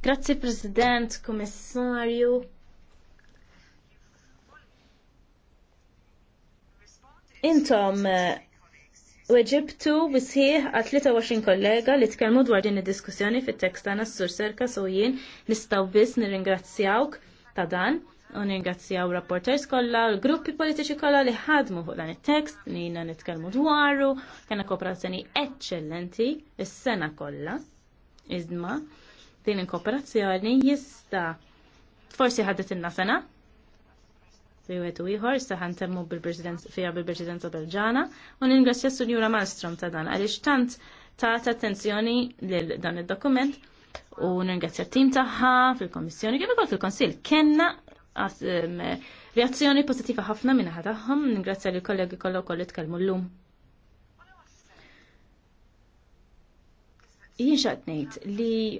A: Grazzi, President, Kommissarju, Intom weġibtu eh, bisħiħ għat 23 kollega li tkellmu dwar din id-diskussjoni fit-tekst tagħna s-sur serka so jien nistgħu biss nirringrazzjawk ta' dan u nirringrazzjaw rapporters kollha, l-gruppi politiċi kollha li ħadmu fuq dan it-tekst li jiena nitkellmu dwaru, kena kooperazzjoni eċċellenti is-sena kollha. Iżma din il-kooperazzjoni jista' forsi ħadet inna sena, u iħor staħan temmu fija bil-presidenza belġana u ningrassja Sunjura Malmström ta' dan għaliex tant ta' attenzjoni lil dan id-dokument u ningrassja tim tagħha fil komissjoni kif ukoll fil-Konsil. kena reazzjoni pozittiva ħafna minn tagħhom, ningrazzja li kollegi kollha wkoll li tkellmu llum. Jien Jinxat ngħid li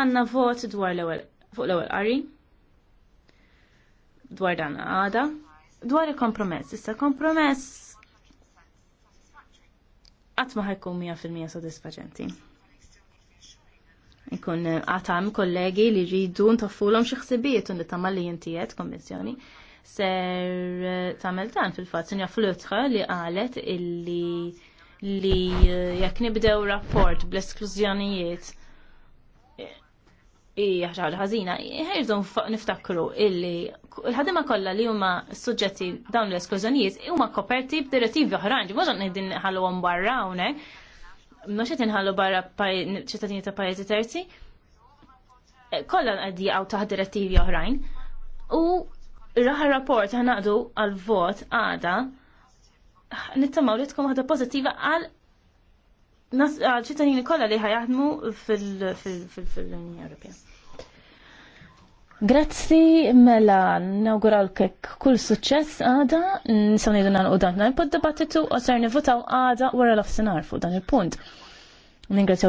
A: għandna vot dwar l-ewwel fuq l-ewwel qari dwar dan għada. Dwar il-kompromess, issa kompromess għatma ħajkun 100% sodisfaċenti. Ikun għatam kollegi li rridu ntaffulhom xi ħsibijiet un tamal li jintijiet kommissjoni ser tamel dan fil-fatt sinja flutħa li qalet illi li eh, jekk nibdew rapport bl-esklużjonijiet eh, hija ħaġa ħażina, ħirdu niftakru illi il-ħadima kollha li huma suġġetti dawn l-eskużjonijiet huma koperti b'direttivi oħrajn, ma ġon qegħdin nħallhom barra hawnhekk. Mhux qed inħallu barra ċittadini ta' pajjiżi terzi. Kollha qed jaqgħu taħt direttivi oħrajn. U raħa rapport għadu għal vot għada nittamaw li tkun ħadda pożittiva għal għal ċittadini kollha li ħajaħdmu fil-Unjoni Ewropea. Grazzi, mela, nawguralkek kull suċċess għada, nisaw nidu u dan, nal-pod dibattitu, u ser nivutaw għada wara l-ofsenar fuq dan il-punt. Ningrazzjaw